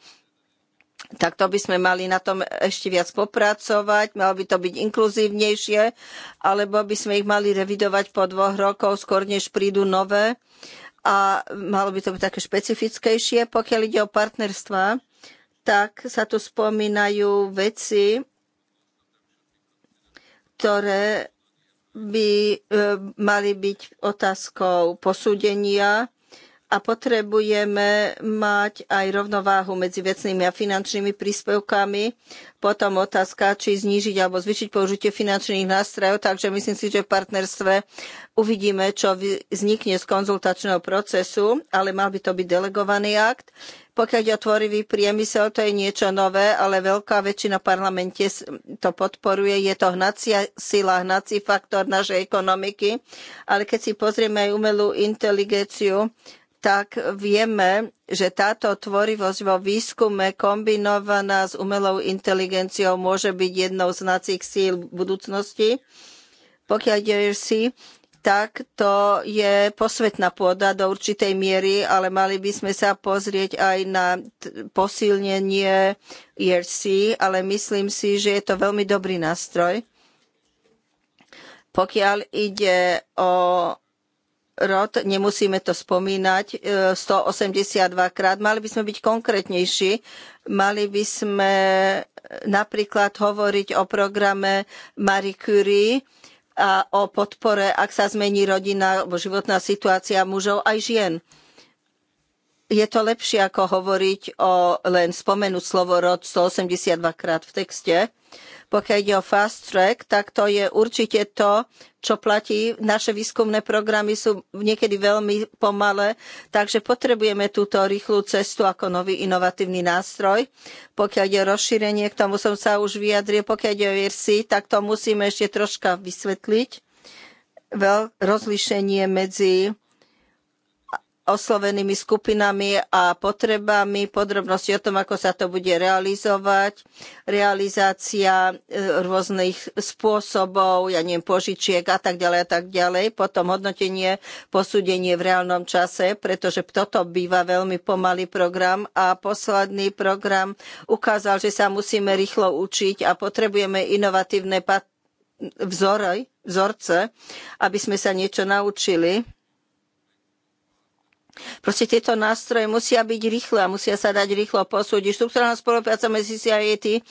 tak to by sme mali na tom ešte viac popracovať, malo by to byť inkluzívnejšie, alebo by sme ich mali revidovať po dvoch rokov, skôr než prídu nové a malo by to byť také špecifickejšie. Pokiaľ ide o partnerstva, tak sa tu spomínajú veci, ktoré by e, mali byť otázkou posúdenia a potrebujeme mať aj rovnováhu medzi vecnými a finančnými príspevkami. Potom otázka, či znížiť alebo zvyšiť použitie finančných nástrojov, takže myslím si, že v partnerstve uvidíme, čo vznikne z konzultačného procesu, ale mal by to byť delegovaný akt. Pokiaľ je otvorivý priemysel, to je niečo nové, ale veľká väčšina v parlamente to podporuje. Je to hnacia sila, hnací faktor našej ekonomiky. Ale keď si pozrieme aj umelú inteligenciu, tak vieme, že táto tvorivosť vo výskume kombinovaná s umelou inteligenciou môže byť jednou z nacích síl budúcnosti. Pokiaľ ide si, tak to je posvetná pôda do určitej miery, ale mali by sme sa pozrieť aj na posilnenie ERC, ale myslím si, že je to veľmi dobrý nástroj. Pokiaľ ide o rod, nemusíme to spomínať 182 e, krát. Mali by sme byť konkrétnejší, mali by sme e, napríklad hovoriť o programe Marie Curie a o podpore, ak sa zmení rodina alebo životná situácia mužov aj žien. Je to lepšie, ako hovoriť o len spomenúť slovo rod 182 krát v texte. Pokiaľ ide o fast track, tak to je určite to, čo platí. Naše výskumné programy sú niekedy veľmi pomalé, takže potrebujeme túto rýchlu cestu ako nový inovatívny nástroj. Pokiaľ ide o rozšírenie, k tomu som sa už vyjadril, pokiaľ ide o ERC, tak to musíme ešte troška vysvetliť. Veľ rozlíšenie medzi oslovenými skupinami a potrebami, podrobnosti o tom, ako sa to bude realizovať, realizácia e, rôznych spôsobov, ja neviem, požičiek a tak ďalej a tak ďalej, potom hodnotenie, posúdenie v reálnom čase, pretože toto býva veľmi pomalý program a posledný program ukázal, že sa musíme rýchlo učiť a potrebujeme inovatívne pat- vzory, vzorce, aby sme sa niečo naučili Proste tieto nástroje musia byť rýchle a musia sa dať rýchlo posúdiť. Štruktúrna spolupráca medzi CIET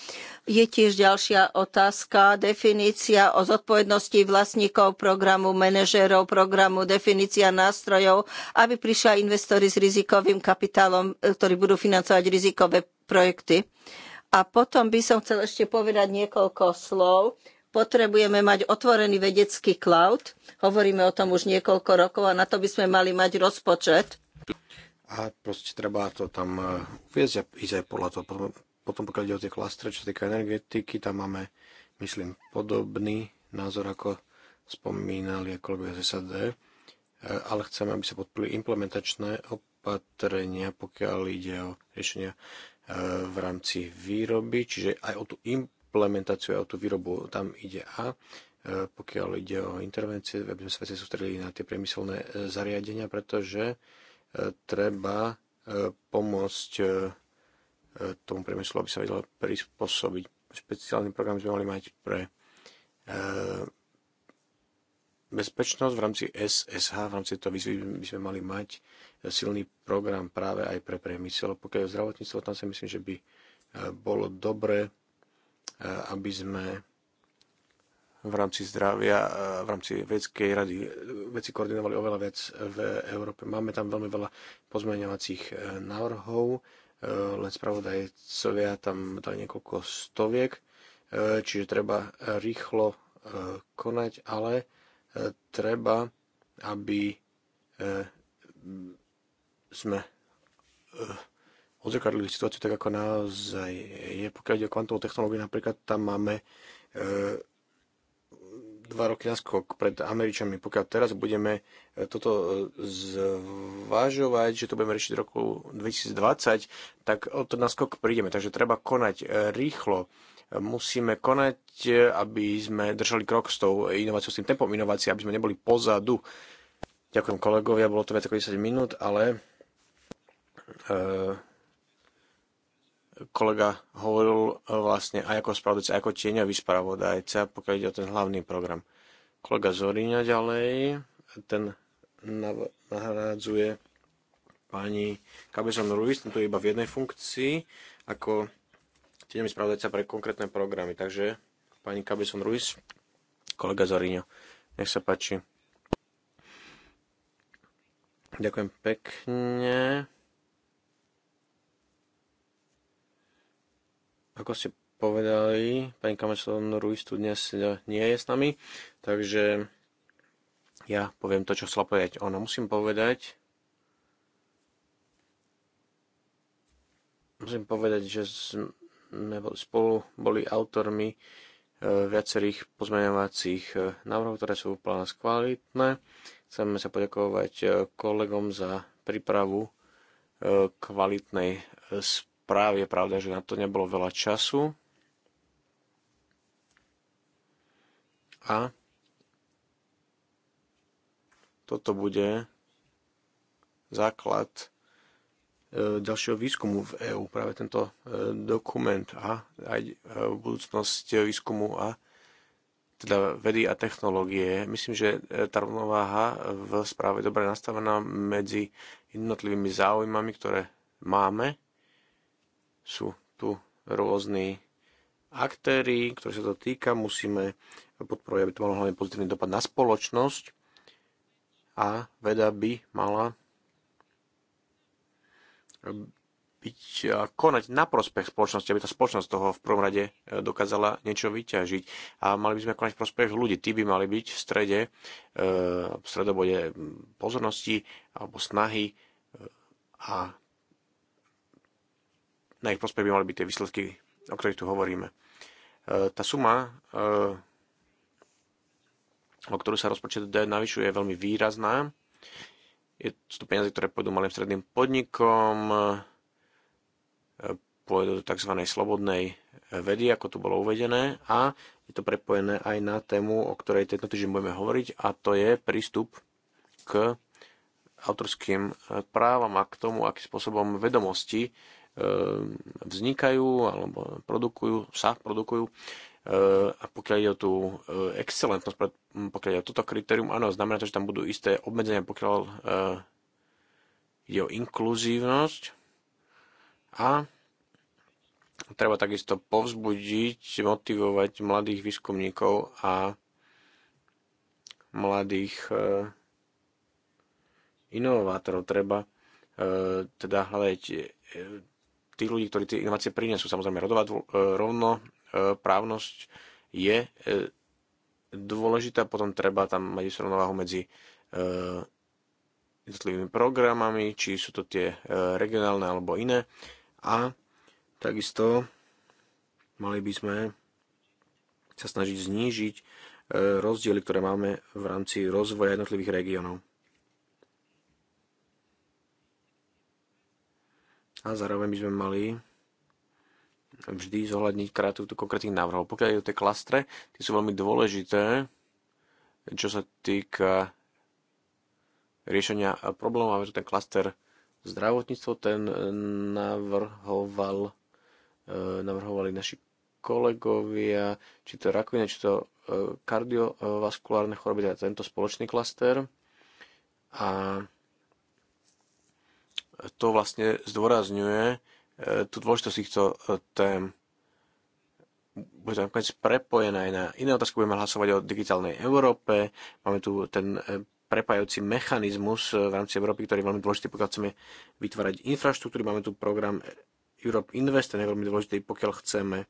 je tiež ďalšia otázka. Definícia o zodpovednosti vlastníkov programu, manažérov programu, definícia nástrojov, aby prišla investori s rizikovým kapitálom, e, ktorí budú financovať rizikové projekty. A potom by som chcel ešte povedať niekoľko slov potrebujeme mať otvorený vedecký cloud. Hovoríme o tom už niekoľko rokov a na to by sme mali mať rozpočet. A proste treba to tam eh, uviezť a ísť aj podľa toho. Potom, potom pokiaľ ide o tie klastre, čo sa týka energetiky, tam máme, myslím, podobný názor, ako spomínali kolegovia z SAD, eh, ale chceme, aby sa podporili implementačné opatrenia, pokiaľ ide o riešenia eh, v rámci výroby, čiže aj o tú im implementáciu a o tú výrobu tam ide a e, pokiaľ ide o intervencie, aby sme sa veci sústredili na tie priemyselné e, zariadenia, pretože e, treba pomôcť tomu priemyslu, aby sa vedelo prispôsobiť. Špeciálny program sme mali mať pre bezpečnosť v rámci SSH, v rámci toho výzvy by sme mali mať silný program práve aj pre priemysel. Pokiaľ je zdravotníctvo, tam si myslím, že by bolo dobre Eh, aby sme v rámci zdravia, eh, v rámci vedskej rady eh, veci koordinovali oveľa viac v Európe. Máme tam veľmi veľa pozmeňovacích návrhov, len spravodajcovia tam dali niekoľko stoviek, čiže treba rýchlo konať, ale treba, aby sme odzrkadlili situáciu tak, ako naozaj je. Pokiaľ ide o kvantovú technológiu, napríklad tam máme e, dva roky naskok pred Američanmi. Pokiaľ teraz budeme e, toto e, zvážovať, že to budeme riešiť v roku 2020, tak o to naskok prídeme. Takže treba konať e, rýchlo. Musíme konať, aby sme držali krok s tou inováciou, s tým tempom inovácie, aby sme neboli pozadu. Ďakujem kolegovia, bolo to viac ako 10 minút, ale e kolega hovoril e, vlastne aj ako spravodajca, ako tieňový spravodajca, pokiaľ ide o ten hlavný program. Kolega Zoríňa ďalej, ten nahrádzuje pani Cabezon Ruiz, ten tu je iba v jednej funkcii, ako tieňový spravodajca pre konkrétne programy. Takže pani Kabezon Ruiz, kolega Zoríňo, nech sa páči. Ďakujem pekne. Ako ste povedali, pani Kamečlon Ruiz tu dnes nie je s nami, takže ja poviem to, čo chcela povedať ona. Musím povedať, musím povedať, že sme spolu boli autormi e, viacerých pozmeňovacích e, návrhov, ktoré sú úplne kvalitné. Chceme sa poďakovať e, kolegom za prípravu kvalitnej správy práve je pravda, že na to nebolo veľa času. A toto bude základ e, ďalšieho výskumu v EÚ, práve tento e, dokument a aj e, budúcnosť výskumu a teda vedy a technológie. Myslím, že tá rovnováha v správe je dobre nastavená medzi jednotlivými záujmami, ktoré máme sú tu rôzni aktéry, ktorí sa to týka, musíme podporovať, aby to malo hlavne pozitívny dopad na spoločnosť a veda by mala byť, konať na prospech spoločnosti, aby tá spoločnosť toho v prvom rade e, dokázala niečo vyťažiť. A mali by sme konať prospech ľudí. Tí by mali byť v strede, e, v stredobode pozornosti alebo snahy e, a na ich prospech by mali byť tie výsledky, o ktorých tu hovoríme. E, tá suma, e, o ktorú sa rozpočet navyšuje, je veľmi výrazná. Je to peniaze, ktoré pôjdu malým stredným podnikom, e, pôjdu do tzv. slobodnej vedy, ako tu bolo uvedené, a je to prepojené aj na tému, o ktorej tento týždeň budeme hovoriť, a to je prístup k autorským právam a k tomu, akým spôsobom vedomosti E, vznikajú alebo produkujú, sa produkujú. E, a pokiaľ ide o tú e, excelentnosť, pokiaľ ide o toto kritérium, áno, znamená to, že tam budú isté obmedzenia, pokiaľ ide o inkluzívnosť a treba takisto povzbudiť, motivovať mladých výskumníkov a mladých inovátorov. Treba teda hľadať tých ľudí, ktorí tie inovácie prinesú. Samozrejme, rodová e, rovno, e, právnosť je e, dôležitá, potom treba tam mať rovnováhu medzi jednotlivými programami, či sú to tie regionálne alebo iné. A takisto mali by sme sa snažiť znížiť rozdiely, ktoré máme v rámci rozvoja jednotlivých regiónov. a zároveň by sme mali vždy zohľadniť kreatív konkrétnych návrhov. Pokiaľ je o tie klastre, tie sú veľmi dôležité, čo sa týka riešenia problémov. Máme tu ten klaster zdravotníctvo, ten e, navrhoval, e, navrhovali naši kolegovia, či to rakovina, či to e, kardiovaskulárne choroby, teda tento spoločný klaster. A to vlastne zdôrazňuje e, tú dôležitosť týchto e, tém. Bude to nakoniec prepojené aj na iné otázky. Budeme hlasovať o digitálnej Európe. Máme tu ten e, prepájajúci mechanizmus v rámci Európy, ktorý je veľmi dôležitý, pokiaľ chceme vytvárať infraštruktúry. Máme tu program Europe Invest, ten je veľmi dôležitý, pokiaľ chceme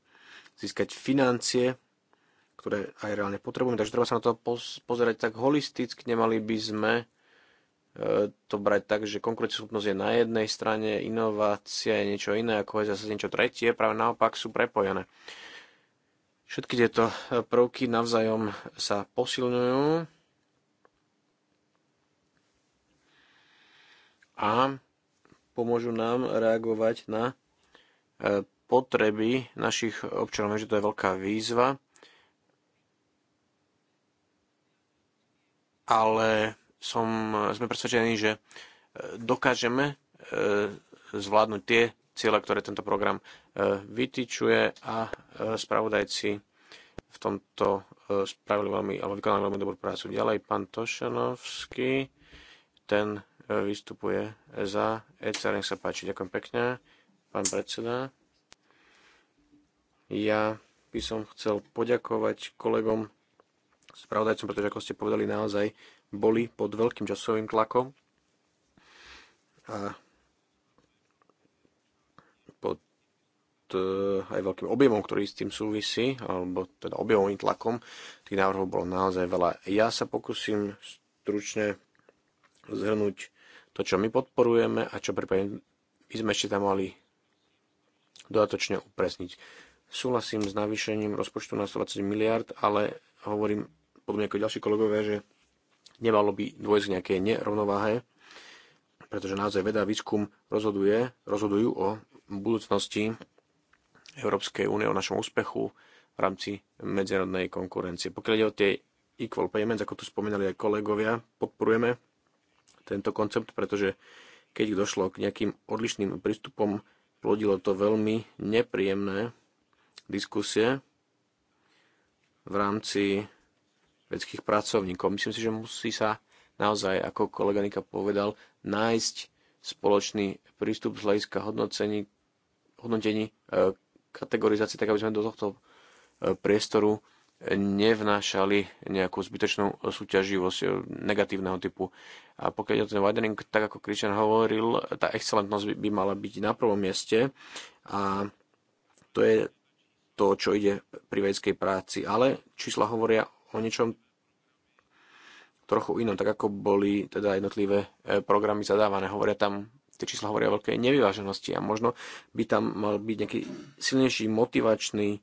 získať financie, ktoré aj reálne potrebujeme. Takže treba sa na to pozerať tak holisticky. Nemali by sme E, to brať tak, že konkurenceschopnosť je na jednej strane, inovácia je niečo iné, ako je zase niečo tretie, práve naopak sú prepojené. Všetky tieto e, prvky navzájom sa posilňujú a pomôžu nám reagovať na e, potreby našich občanov. že to je veľká výzva, ale som, sme presvedčení, že e, dokážeme e, zvládnuť tie ciele, ktoré tento program e, vytýčuje a spravodajci v tomto spravili veľmi, alebo vykonali veľmi dobrú prácu. Ďalej pán Tošanovský, ten vystupuje za ECR, nech sa páči. Ďakujem pekne, pán predseda. Ja by som chcel poďakovať kolegom spravodajcom, pretože ako ste povedali, naozaj boli pod veľkým časovým tlakom a pod eh, aj veľkým objemom, ktorý s tým súvisí, alebo teda objemovým tlakom, tých návrhov bolo naozaj veľa. Ja sa pokúsim stručne zhrnúť to, čo my podporujeme a čo prípadne by sme ešte tam mali dodatočne upresniť. Súhlasím s navýšením rozpočtu na 120 miliard, ale hovorím, podobne ako ďalší kolegovia, že nemalo by dôjsť k nejakej nerovnováhe, pretože naozaj veda a výskum rozhoduje, rozhodujú o budúcnosti Európskej únie, o našom úspechu v rámci medzinárodnej konkurencie. Pokiaľ ide o tie equal payments, ako tu spomínali aj kolegovia, podporujeme tento koncept, pretože keď došlo k nejakým odlišným prístupom, plodilo to veľmi nepríjemné diskusie v rámci vedeckých pracovníkov. Myslím si, že musí sa naozaj, ako kolega Nika povedal, nájsť spoločný prístup z hľadiska hodnotení, hodnotení kategorizácie, tak aby sme do tohto e, priestoru nevnášali nejakú zbytočnú súťaživosť e, negatívneho typu. A pokiaľ je ten widening, tak ako Christian hovoril, tá excelentnosť by, by mala byť na prvom mieste a to je to, čo ide pri vedeckej práci. Ale čísla hovoria o niečom trochu inom, tak ako boli teda jednotlivé e, programy zadávané. Hovoria tam, tie čísla hovoria o veľkej nevyváženosti a možno by tam mal byť nejaký silnejší motivačný e,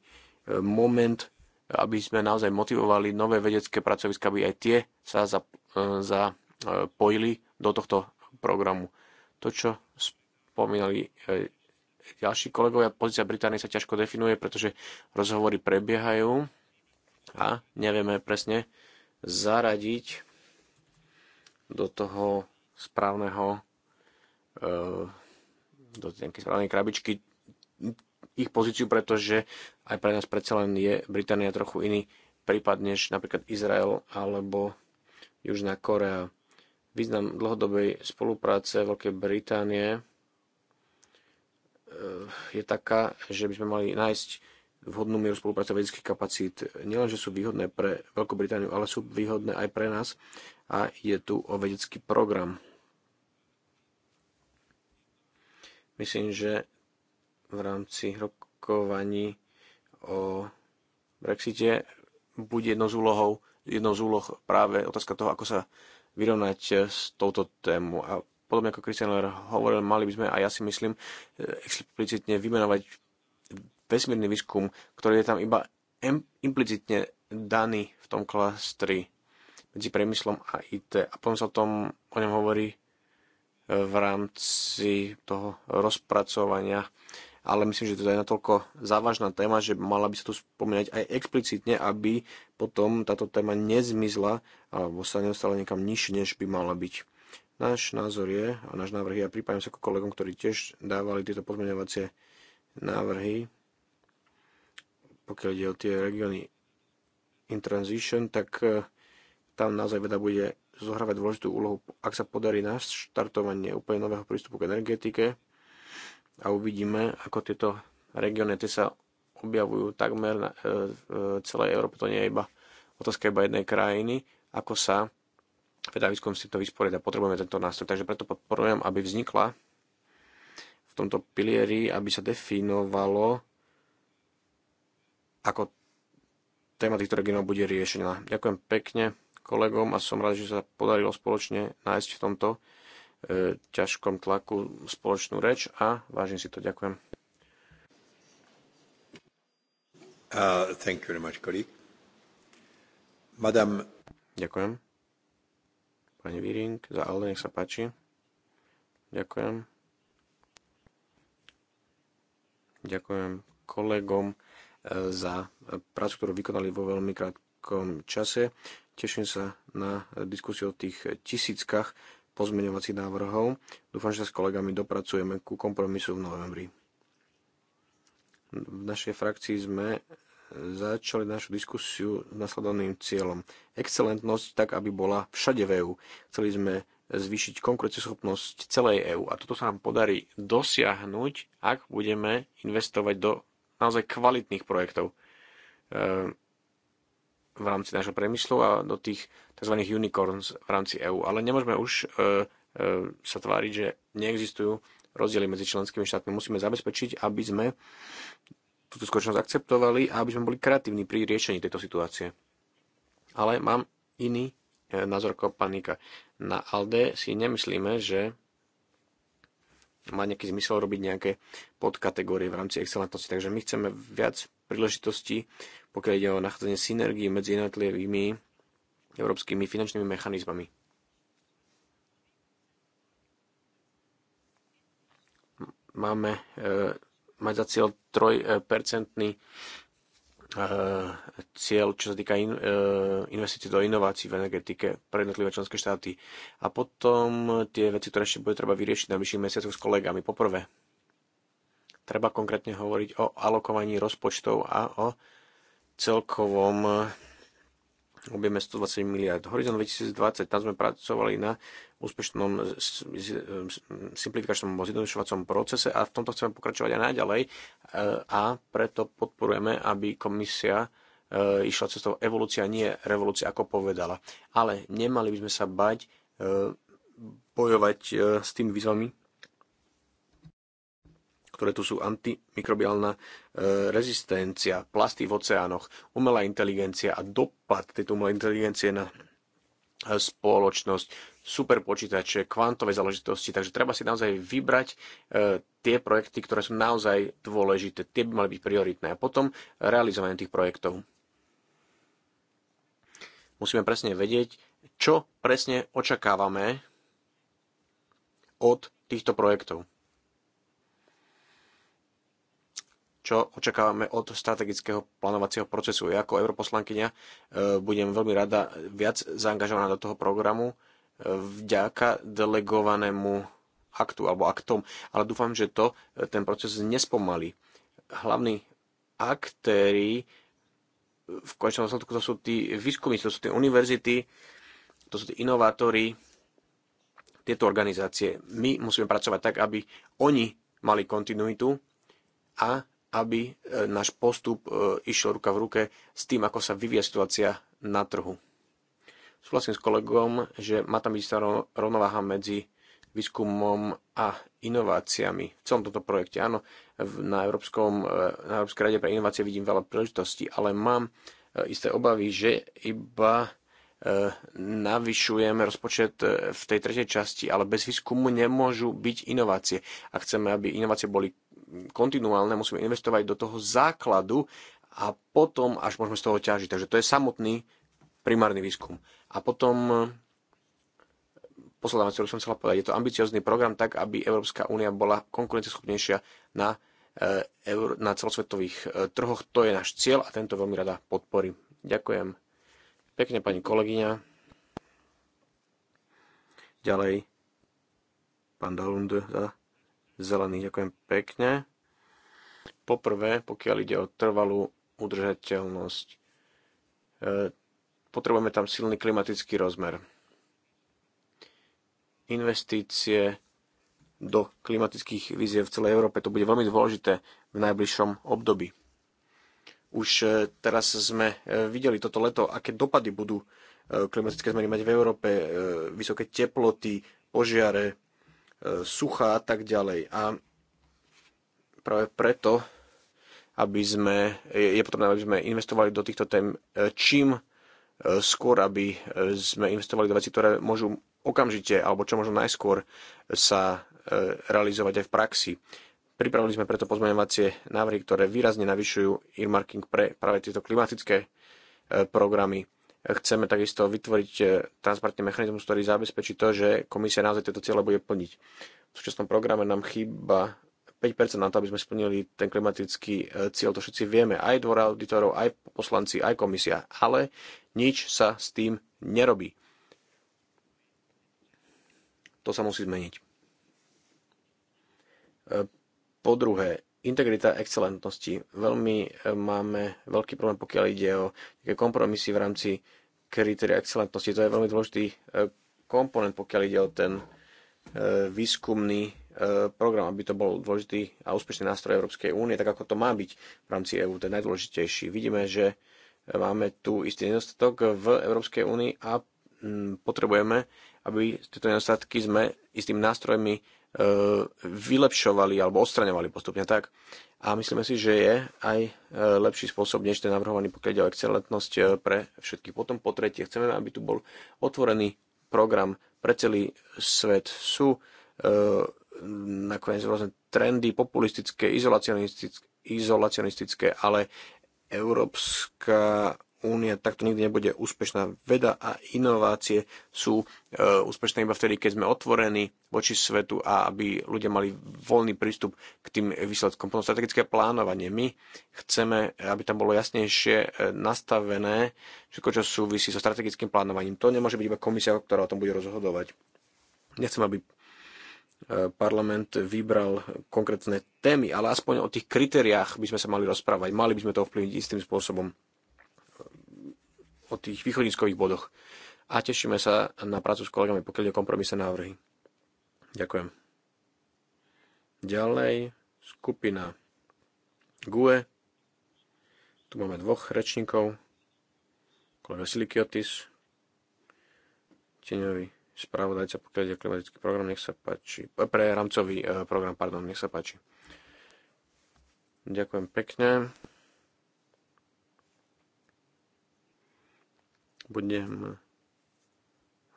moment, aby sme naozaj motivovali nové vedecké pracoviska, aby aj tie sa zapojili e, do tohto programu. To, čo spomínali ďalší kolegovia, pozícia Británie sa ťažko definuje, pretože rozhovory prebiehajú a nevieme presne zaradiť do toho správneho e, do nejakej správnej krabičky ich pozíciu, pretože aj pre nás predsa len je Británia trochu iný prípad než napríklad Izrael alebo Južná Korea. Význam dlhodobej spolupráce Veľkej Británie e, je taká, že by sme mali nájsť vhodnú mieru spolupráce vedeckých kapacít. Nielenže sú výhodné pre Veľkú Britániu, ale sú výhodné aj pre nás a je tu o vedecký program. Myslím, že v rámci rokovaní o Brexite bude jednou z, úlohou, jednou z úloh práve otázka toho, ako sa vyrovnať s touto tému. A podobne ako Christian Ler hovoril, mali by sme, a ja si myslím, explicitne vymenovať vesmírny výskum, ktorý je tam iba implicitne daný v tom klastri medzi priemyslom a IT. A potom sa o tom o ňom hovorí e, v rámci toho rozpracovania. Ale myslím, že to je natoľko závažná téma, že mala by sa tu spomínať aj explicitne, aby potom táto téma nezmizla alebo sa neostala niekam nižšie, než by mala byť. Náš názor je, a náš návrh je, a ja pripájam sa k kolegom, ktorí tiež dávali tieto pozmeňovacie návrhy, pokiaľ ide o tie regióny in transition, tak e, tam naozaj veda bude zohrávať dôležitú úlohu, ak sa podarí na štartovanie úplne nového prístupu k energetike a uvidíme, ako tieto regióny tie sa objavujú takmer na e, e, celej Európe, to nie je iba otázka iba jednej krajiny, ako sa v vedavickom si to vysporiada. Potrebujeme tento nástroj, takže preto podporujem, aby vznikla v tomto pilieri, aby sa definovalo ako téma týchto regionov bude riešená. Ďakujem pekne kolegom a som rád, že sa podarilo spoločne nájsť v tomto e, ťažkom tlaku spoločnú reč a vážim si to. Ďakujem. Uh, thank you very much, colleague. Madame... Ďakujem. Pani Víring, za ale nech sa páči. Ďakujem. Ďakujem kolegom za prácu, ktorú vykonali vo veľmi krátkom čase. Teším sa na diskusiu o tých tisíckach pozmeňovacích návrhov. Dúfam, že sa s kolegami dopracujeme ku kompromisu v novembri. V našej frakcii sme začali našu diskusiu s nasledovným cieľom. Excelentnosť tak, aby bola všade v EU. Chceli sme zvýšiť schopnosť celej EÚ a toto sa nám podarí dosiahnuť, ak budeme investovať do naozaj kvalitných projektov eh, v rámci nášho priemyslu a do tých tzv. unicorns v rámci EÚ. Ale nemôžeme už eh, eh, sa tváriť, že neexistujú rozdiely medzi členskými štátmi. Musíme zabezpečiť, aby sme túto skutočnosť akceptovali a aby sme boli kreatívni pri riešení tejto situácie. Ale mám iný názor ako panika. Na ALDE si nemyslíme, že má nejaký zmysel robiť nejaké podkategórie v rámci excelentnosti. Takže my chceme viac príležitostí, pokiaľ ide o nachádzanie synergii medzi jednotlivými európskymi finančnými mechanizmami. Máme e, mať za cieľ 3% Eh, cieľ, čo sa týka in, eh, investícií do inovácií v energetike pre jednotlivé členské štáty. A potom tie veci, ktoré ešte bude treba vyriešiť na vyšších mesiacoch s kolegami. Poprvé, treba konkrétne hovoriť o alokovaní rozpočtov a o celkovom objeme 120 miliard. Horizon 2020, tam sme pracovali na úspešnom simplifikačnom zjednodušovacom procese a v tomto chceme pokračovať aj naďalej e, a preto podporujeme, aby komisia e, išla cestou evolúcia, nie revolúcia, ako povedala. Ale nemali by sme sa bať e, bojovať s tými výzvami, ktoré tu sú antimikrobiálna e, rezistencia, plasty v oceánoch, umelá inteligencia a dopad tejto umelej inteligencie na spoločnosť, superpočítače, kvantové záležitosti, takže treba si naozaj vybrať e, tie projekty, ktoré sú naozaj dôležité, tie by mali byť prioritné a potom realizovanie tých projektov. Musíme presne vedieť, čo presne očakávame od týchto projektov. čo očakávame od strategického plánovacieho procesu. Ja ako europoslankyňa e, budem veľmi rada viac zaangažovaná do toho programu e, vďaka delegovanému aktu alebo aktom, ale dúfam, že to e, ten proces nespomalí. Hlavní aktéry v konečnom dôsledku to sú tí výskumníci, to sú tie univerzity, to sú tí inovátori, tieto organizácie. My musíme pracovať tak, aby oni mali kontinuitu a aby e, náš postup e, išiel ruka v ruke s tým, ako sa vyvíja situácia na trhu. Súhlasím s kolegom, že má tam byť rovnováha medzi výskumom a inováciami v celom tomto projekte. Áno, na, Európskom, e, na Európskej rade pre inovácie vidím veľa príležitostí, ale mám isté obavy, že iba navyšujeme rozpočet v tej tretej časti, ale bez výskumu nemôžu byť inovácie. Ak chceme, aby inovácie boli kontinuálne, musíme investovať do toho základu a potom až môžeme z toho ťažiť. Takže to je samotný primárny výskum. A potom posledná vec, ktorú som chcela povedať, je to ambiciozný program tak, aby Európska únia bola konkurenceschopnejšia na, eh, na celosvetových eh, trhoch. To je náš cieľ a tento veľmi rada podporím. Ďakujem pekne, pani kolegyňa. Ďalej, pán Dalund za eh, Zelený Ďakujem pekne. Poprvé, pokiaľ ide o trvalú udržateľnosť, e, potrebujeme tam silný klimatický rozmer. Investície do klimatických víziev v celej Európe. To bude veľmi dôležité v najbližšom období. Už e, teraz sme e, videli toto leto, aké dopady budú klimatické zmeny mať v Európe, vysoké teploty, požiare, E, suchá a tak ďalej. A práve preto aby sme, je potrebné, aby sme investovali do týchto tém e, čím e, skôr, aby sme investovali do veci, ktoré môžu okamžite alebo čo možno najskôr sa realizovať aj v praxi. Pripravili sme preto pozmeňovacie návrhy, ktoré výrazne navyšujú earmarking pre práve tieto klimatické programy. Chceme takisto vytvoriť e, transparentný mechanizmus, ktorý zabezpečí to, že komisia naozaj tieto cieľe bude plniť. V súčasnom programe nám chýba 5% na to, aby sme splnili ten klimatický e, cieľ. To všetci vieme, aj dvor auditorov, aj poslanci, aj komisia. Ale nič sa s tým nerobí. To sa musí zmeniť. E, po druhé, integrita excelentnosti. Veľmi e, máme veľký problém, pokiaľ ide o kompromisy v rámci kritéria excelentnosti. To je veľmi dôležitý e, komponent, pokiaľ ide o ten e, výskumný program, aby to bol dôležitý a úspešný nástroj Európskej únie, tak ako to má byť v rámci EÚ, ten najdôležitejší. Vidíme, že máme tu istý nedostatok v Európskej únii a potrebujeme, aby tieto nedostatky sme istými nástrojmi E, vylepšovali alebo odstraňovali postupne tak. A myslíme si, že je aj e, lepší spôsob než ten navrhovaný, pokiaľ ide o excelentnosť e, pre všetkých. Potom po tretie, chceme, aby tu bol otvorený program pre celý svet. Sú nakoniec rôzne trendy populistické, izolacionistické, izolacionistické ale európska únia takto nikdy nebude úspešná. Veda a inovácie sú e, úspešné iba vtedy, keď sme otvorení voči svetu a aby ľudia mali voľný prístup k tým výsledkom. Potom strategické plánovanie. My chceme, aby tam bolo jasnejšie e, nastavené všetko, čo súvisí so strategickým plánovaním. To nemôže byť iba komisia, ktorá o tom bude rozhodovať. Nechcem, aby e, parlament vybral konkrétne témy, ale aspoň o tých kritériách by sme sa mali rozprávať. Mali by sme to ovplyvniť istým spôsobom o tých východiskových bodoch. A tešíme sa na prácu s kolegami, pokiaľ je kompromisné návrhy. Ďakujem. Ďalej skupina GUE. Tu máme dvoch rečníkov. Kolega Silikiotis, tieňový spravodajca, pokiaľ je klimatický program, nech sa páči. E, pre rámcový e, program, pardon, nech sa páči. Ďakujem pekne. Budem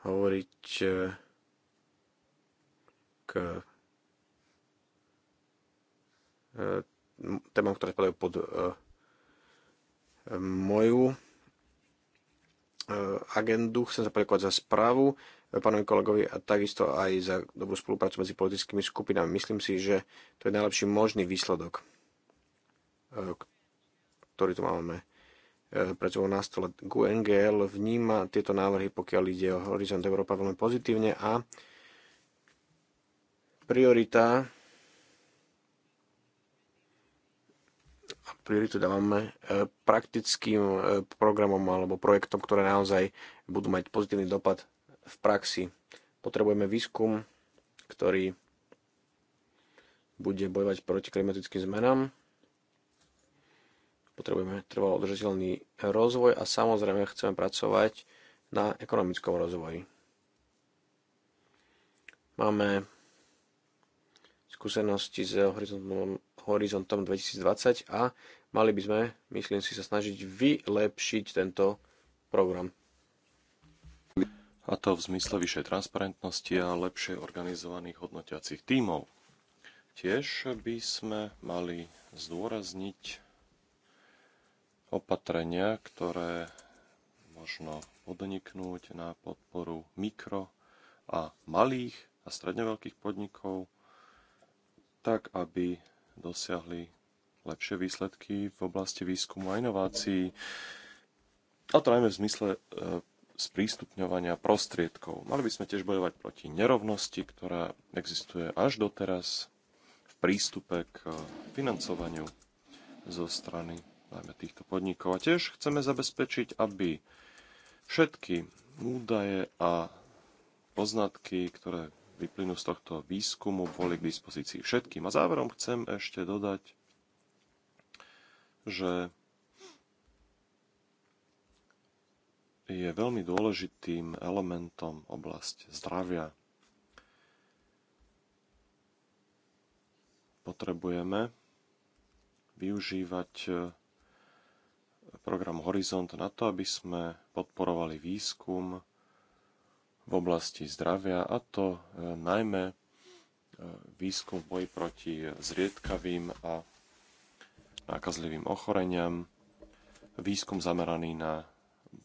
hovoriť eh, k eh, témam, ktoré spadajú pod eh, moju agendu. Chcem sa poďakovať za správu pánovi kolegovi a takisto aj za dobrú spoluprácu medzi politickými skupinami. Myslím si, že to je najlepší možný výsledok, ktorý tu máme. Eh, pred na stole. GUNGL vníma tieto návrhy, pokiaľ ide o Horizont Európa veľmi pozitívne a priorita a prioritu dávame eh, praktickým eh, programom alebo projektom, ktoré naozaj budú mať pozitívny dopad v praxi. Potrebujeme výskum, ktorý bude bojovať proti klimatickým zmenám Potrebujeme trvalo udržateľný rozvoj a samozrejme chceme pracovať na ekonomickom rozvoji. Máme skúsenosti s horizontom, horizontom 2020 a mali by sme, myslím si, sa snažiť vylepšiť tento program. A to v zmysle vyššej transparentnosti a lepšie organizovaných hodnotiacich tímov. Tiež by sme mali zdôrazniť opatrenia, ktoré možno podniknúť na podporu mikro a malých a stredne veľkých podnikov, tak aby dosiahli lepšie výsledky v oblasti výskumu a inovácií, a to najmä v zmysle e, sprístupňovania prostriedkov. Mali by sme tiež bojovať proti nerovnosti, ktorá existuje až doteraz v prístupe k e, financovaniu zo strany najmä týchto podnikov. A tiež chceme zabezpečiť, aby všetky údaje a poznatky, ktoré vyplynú z tohto výskumu, boli k dispozícii všetkým. A záverom chcem ešte dodať, že je veľmi dôležitým elementom oblasť zdravia. Potrebujeme využívať program Horizont na to, aby sme podporovali výskum v oblasti zdravia, a to e, najmä e, výskum v boji proti zriedkavým a nákazlivým ochoreniam, výskum zameraný na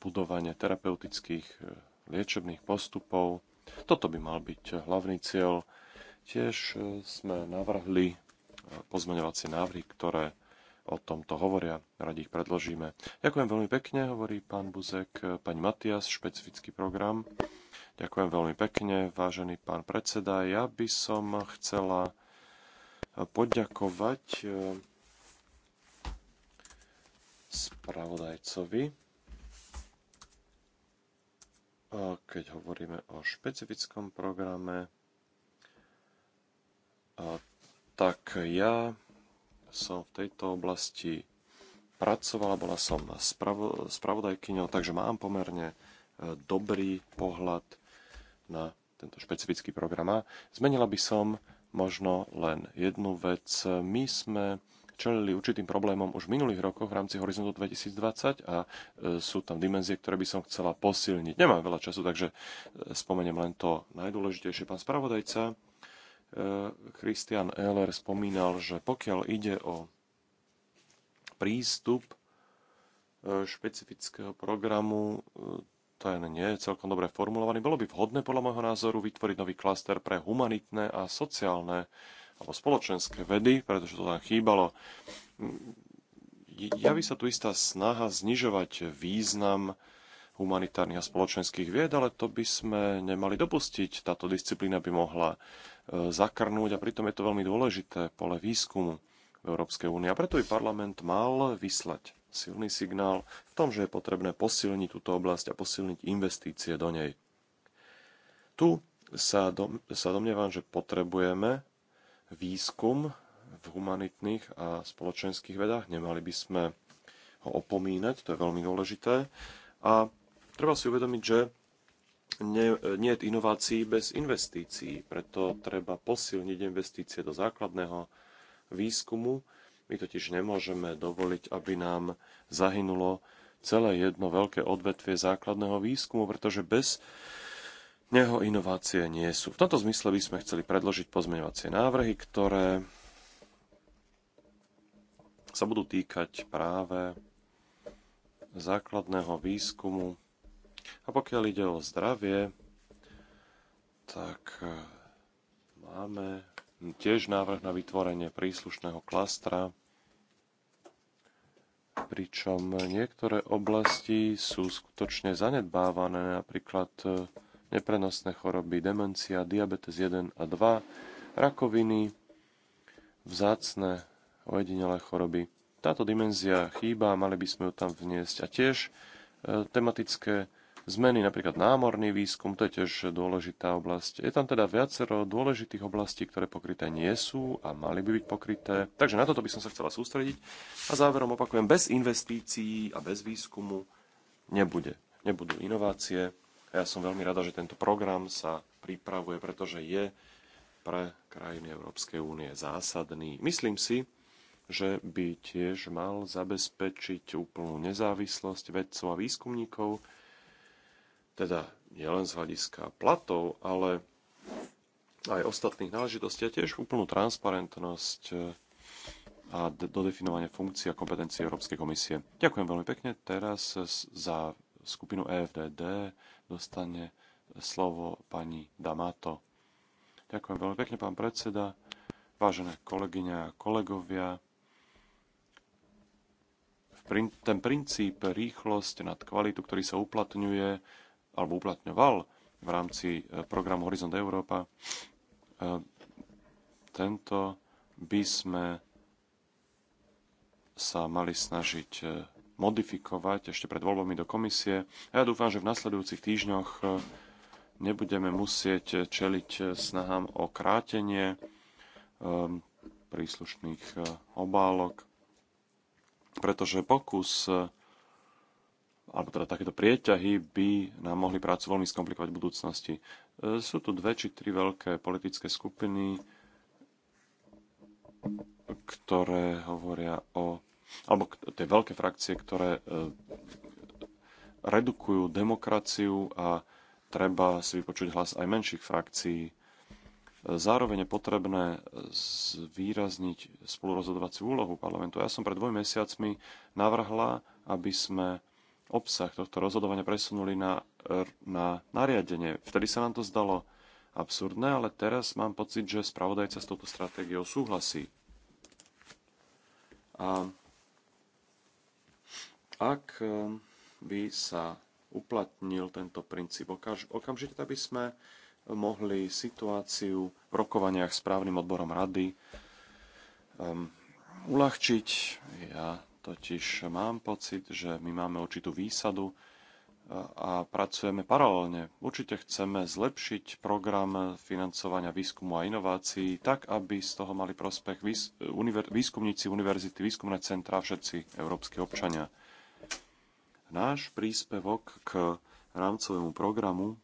budovanie terapeutických e, liečebných postupov. Toto by mal byť hlavný cieľ. Tiež sme navrhli pozmeňovacie návrhy, ktoré o tomto hovoria. Radi ich predložíme. Ďakujem veľmi pekne, hovorí pán Buzek, pani Matias, špecifický program. Ďakujem veľmi pekne, vážený pán predseda. Ja by som chcela poďakovať eh, spravodajcovi, eh, keď hovoríme o špecifickom programe, eh, tak ja som v tejto oblasti pracovala, bola som spravo, spravodajkyňou, takže mám pomerne e, dobrý pohľad na tento špecifický program. A zmenila by som možno len jednu vec. My sme čelili určitým problémom už v minulých rokoch v rámci Horizontu 2020 a e, sú tam dimenzie, ktoré by som chcela posilniť. Nemám veľa času, takže e, spomeniem len to najdôležitejšie. Pán spravodajca Eh, Christian Ehler spomínal, že pokiaľ ide o prístup eh, špecifického programu, eh, ten nie je celkom dobre formulovaný. Bolo by vhodné podľa môjho názoru vytvoriť nový klaster pre humanitné a sociálne alebo spoločenské vedy, pretože to tam chýbalo. Hm, Javí sa tu istá snaha znižovať význam humanitárnych a spoločenských vied, ale to by sme nemali dopustiť. Táto disciplína by mohla E, zakrnúť a pritom je to veľmi dôležité pole výskumu v Európskej únie. A preto by parlament mal vyslať silný signál v tom, že je potrebné posilniť túto oblasť a posilniť investície do nej. Tu sa, dom, sa domnievam, že potrebujeme výskum v humanitných a spoločenských vedách. Nemali by sme ho opomínať, to je veľmi dôležité. A treba si uvedomiť, že nie, je inovácií bez investícií, preto treba posilniť investície do základného výskumu. My totiž nemôžeme dovoliť, aby nám zahynulo celé jedno veľké odvetvie základného výskumu, pretože bez neho inovácie nie sú. V tomto zmysle by sme chceli predložiť pozmeňovacie návrhy, ktoré sa budú týkať práve základného výskumu a pokiaľ ide o zdravie, tak e, máme tiež návrh na vytvorenie príslušného klastra, pričom niektoré oblasti sú skutočne zanedbávané, napríklad e, neprenosné choroby, demencia, diabetes 1 a 2, rakoviny, vzácne ojedinelé choroby. Táto dimenzia chýba, mali by sme ju tam vniesť. A tiež e, tematické zmeny, napríklad námorný výskum, to je tiež dôležitá oblasť. Je tam teda viacero dôležitých oblastí, ktoré pokryté nie sú a mali by byť pokryté. Takže na toto by som sa chcela sústrediť. A záverom opakujem, bez investícií a bez výskumu nebude. Nebudú inovácie. A ja som veľmi rada, že tento program sa pripravuje, pretože je pre krajiny Európskej únie zásadný. Myslím si, že by tiež mal zabezpečiť úplnú nezávislosť vedcov a výskumníkov teda nielen z hľadiska platov, ale aj ostatných náležitostí a tiež úplnú transparentnosť eh, a dodefinovanie funkcií a kompetencií Európskej komisie. Ďakujem veľmi pekne. Teraz za skupinu EFDD dostane slovo pani Damato. Ďakujem veľmi pekne, pán predseda, vážené kolegyňa a kolegovia. Ten princíp rýchlosť nad kvalitu, ktorý sa uplatňuje, alebo uplatňoval v rámci e, programu Horizont Európa, e, tento by sme sa mali snažiť e, modifikovať ešte pred voľbami do komisie. A ja dúfam, že v nasledujúcich týždňoch nebudeme musieť čeliť snahám o krátenie príslušných obálok, pretože pokus alebo teda takéto prieťahy by nám mohli prácu veľmi skomplikovať v budúcnosti. E, sú tu dve či tri veľké politické skupiny, ktoré hovoria o, alebo tie veľké frakcie, ktoré e, redukujú demokraciu a treba si vypočuť hlas aj menších frakcií. E, zároveň je potrebné zvýrazniť spolurozhodovaciu úlohu parlamentu. Ja som pred dvoj mesiacmi navrhla, aby sme obsah tohto rozhodovania presunuli na, eh, na nariadenie. Vtedy sa nám to zdalo absurdné, ale teraz mám pocit, že spravodajca s touto stratégiou súhlasí. A ak eh, by sa uplatnil tento princíp, okamžite by sme mohli situáciu v rokovaniach s právnym odborom rady um, uľahčiť. Ja Totiž mám pocit, že my máme určitú výsadu a pracujeme paralelne. Určite chceme zlepšiť program financovania výskumu a inovácií tak, aby z toho mali prospech výskumníci, univerzity, výskumné centra, všetci európsky občania. Náš príspevok k rámcovému programu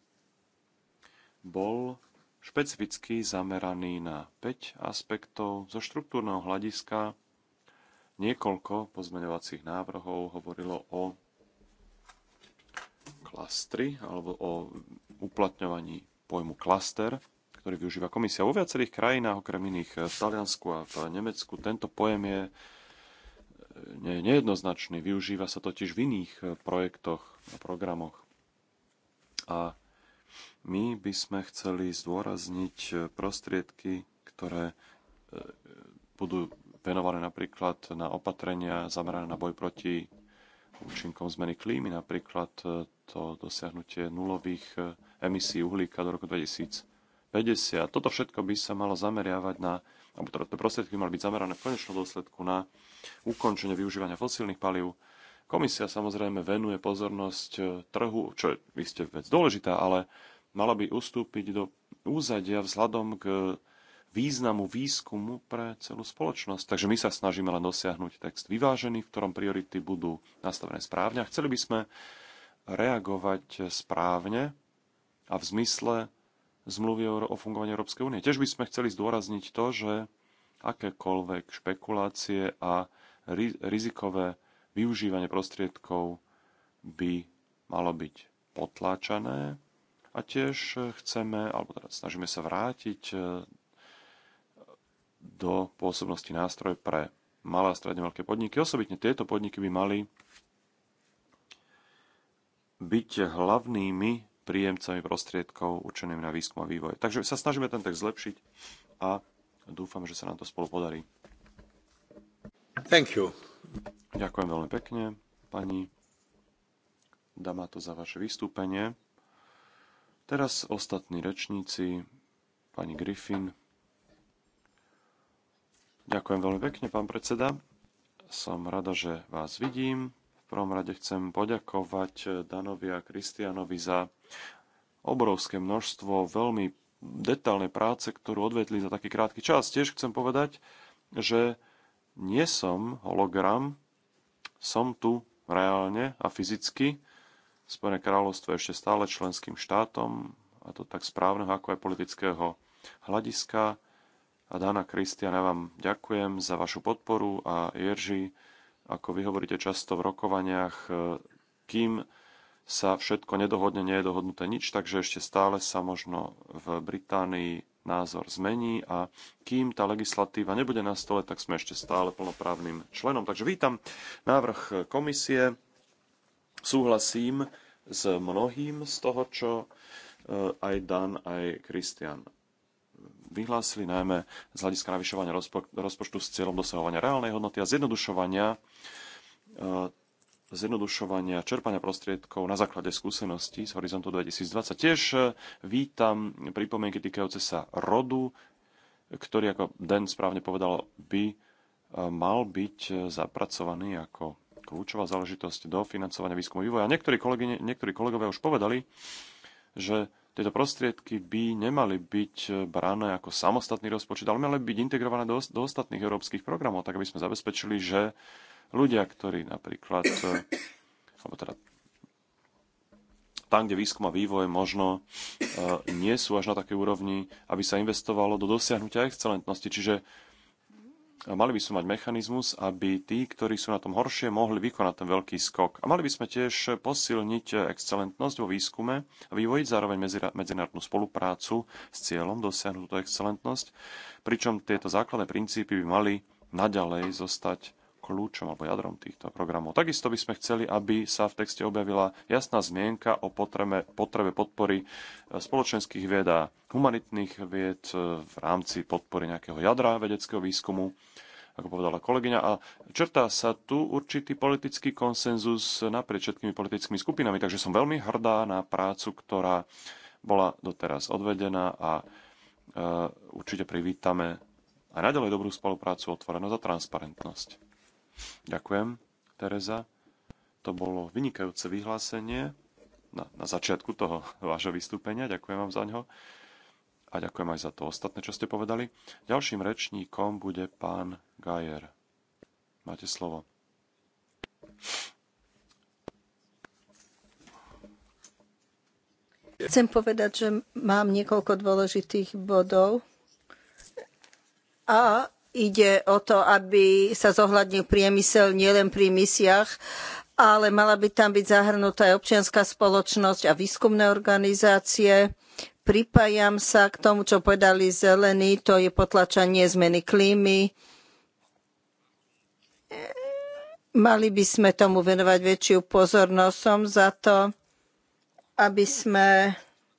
bol špecificky zameraný na 5 aspektov zo štruktúrneho hľadiska Niekoľko pozmeňovacích návrhov hovorilo o klastri alebo o uplatňovaní pojmu klaster, ktorý využíva komisia. Vo viacerých krajinách, okrem iných v Taliansku a v Nemecku, tento pojem je nejednoznačný. Využíva sa totiž v iných projektoch a programoch. A my by sme chceli zdôrazniť prostriedky, ktoré eh, budú venované napríklad na opatrenia zamerané na boj proti účinkom zmeny klímy, napríklad e, to dosiahnutie nulových e, emisí uhlíka do roku 2050. Toto všetko by sa malo zameriavať na, alebo teda prostriedky mali byť zamerané v konečnom dôsledku na ukončenie využívania fosílnych palív. Komisia samozrejme venuje pozornosť e, trhu, čo je iste vec dôležitá, ale mala by ustúpiť do úzadia vzhľadom k významu výskumu pre celú spoločnosť. Takže my sa snažíme len dosiahnuť text vyvážený, v ktorom priority budú nastavené správne a chceli by sme reagovať správne a v zmysle zmluvy o fungovaní Európskej únie. Tiež by sme chceli zdôrazniť to, že akékoľvek špekulácie a rizikové využívanie prostriedkov by malo byť potláčané a tiež chceme, alebo teda snažíme sa vrátiť do pôsobnosti nástroj pre malé a stredne veľké podniky. Osobitne tieto podniky by mali byť hlavnými príjemcami prostriedkov určeným na výskum a vývoj. Takže sa snažíme ten text zlepšiť a dúfam, že sa nám to spolu podarí. Thank you. Ďakujem veľmi pekne, pani Damato, za vaše vystúpenie. Teraz ostatní rečníci, pani Griffin, Ďakujem veľmi pekne, pán predseda. Som rada, že vás vidím. V prvom rade chcem poďakovať eh, Danovi a Kristianovi za obrovské množstvo veľmi detálnej práce, ktorú odvetli za taký krátky čas. Tiež chcem povedať, že nie som hologram, som tu reálne a fyzicky. Spojené kráľovstvo ešte stále členským štátom, a to tak správneho ako aj politického hľadiska a Dana Kristian, ja vám ďakujem za vašu podporu a Jerži, ako vy hovoríte často v rokovaniach, e, kým sa všetko nedohodne, nie je dohodnuté nič, takže ešte stále sa možno v Británii názor zmení a kým tá legislatíva nebude na stole, tak sme ešte stále plnoprávnym členom. Takže vítam návrh komisie, súhlasím s mnohým z toho, čo e, aj Dan, aj Kristian vyhlásili najmä z hľadiska navyšovania rozpo, rozpočtu s cieľom dosahovania reálnej hodnoty a zjednodušovania, e, zjednodušovania čerpania prostriedkov na základe skúseností z Horizontu 2020. Tiež e, vítam pripomienky týkajúce sa rodu, ktorý, ako Den správne povedal, by e, mal byť zapracovaný ako kľúčová záležitosť do financovania výskumu vývoja. Niektorí, kolegy, niektorí kolegovia už povedali, že tieto prostriedky by nemali byť eh, brané ako samostatný rozpočet, ale mali byť integrované do, do ostatných európskych programov, tak aby sme zabezpečili, že ľudia, ktorí napríklad, eh, alebo teda tam, kde výskum a vývoj možno eh, nie sú až na takej úrovni, aby sa investovalo do dosiahnutia excelentnosti. Čiže mali by sme mať mechanizmus, aby tí, ktorí sú na tom horšie, mohli vykonať ten veľký skok. A mali by sme tiež posilniť excelentnosť vo výskume a vyvojiť zároveň medzinárodnú spoluprácu s cieľom dosiahnuť túto excelentnosť, pričom tieto základné princípy by mali naďalej zostať kľúčom alebo jadrom týchto programov. Takisto by sme chceli, aby sa v texte objavila jasná zmienka o potrebe, potrebe podpory e, spoločenských vied a humanitných vied e, v rámci podpory nejakého jadra vedeckého výskumu ako povedala kolegyňa. A črtá sa tu určitý politický konsenzus naprieč všetkými politickými skupinami, takže som veľmi hrdá na prácu, ktorá bola doteraz odvedená a e, určite privítame aj naďalej dobrú spoluprácu, otvorenosť a transparentnosť. Ďakujem, Tereza. To bolo vynikajúce vyhlásenie na, na začiatku toho vášho vystúpenia. Ďakujem vám za ňo a ďakujem aj za to ostatné, čo ste povedali. Ďalším rečníkom bude pán Gajer. Máte slovo. Chcem povedať, že mám niekoľko dôležitých bodov a ide o to, aby sa zohľadnil priemysel nielen pri misiách, ale mala by tam byť zahrnutá aj občianská spoločnosť a výskumné organizácie, Pripájam sa k tomu, čo povedali zelení, to je potlačanie zmeny klímy. Mali by sme tomu venovať väčšiu pozornosť. Som za to, aby sme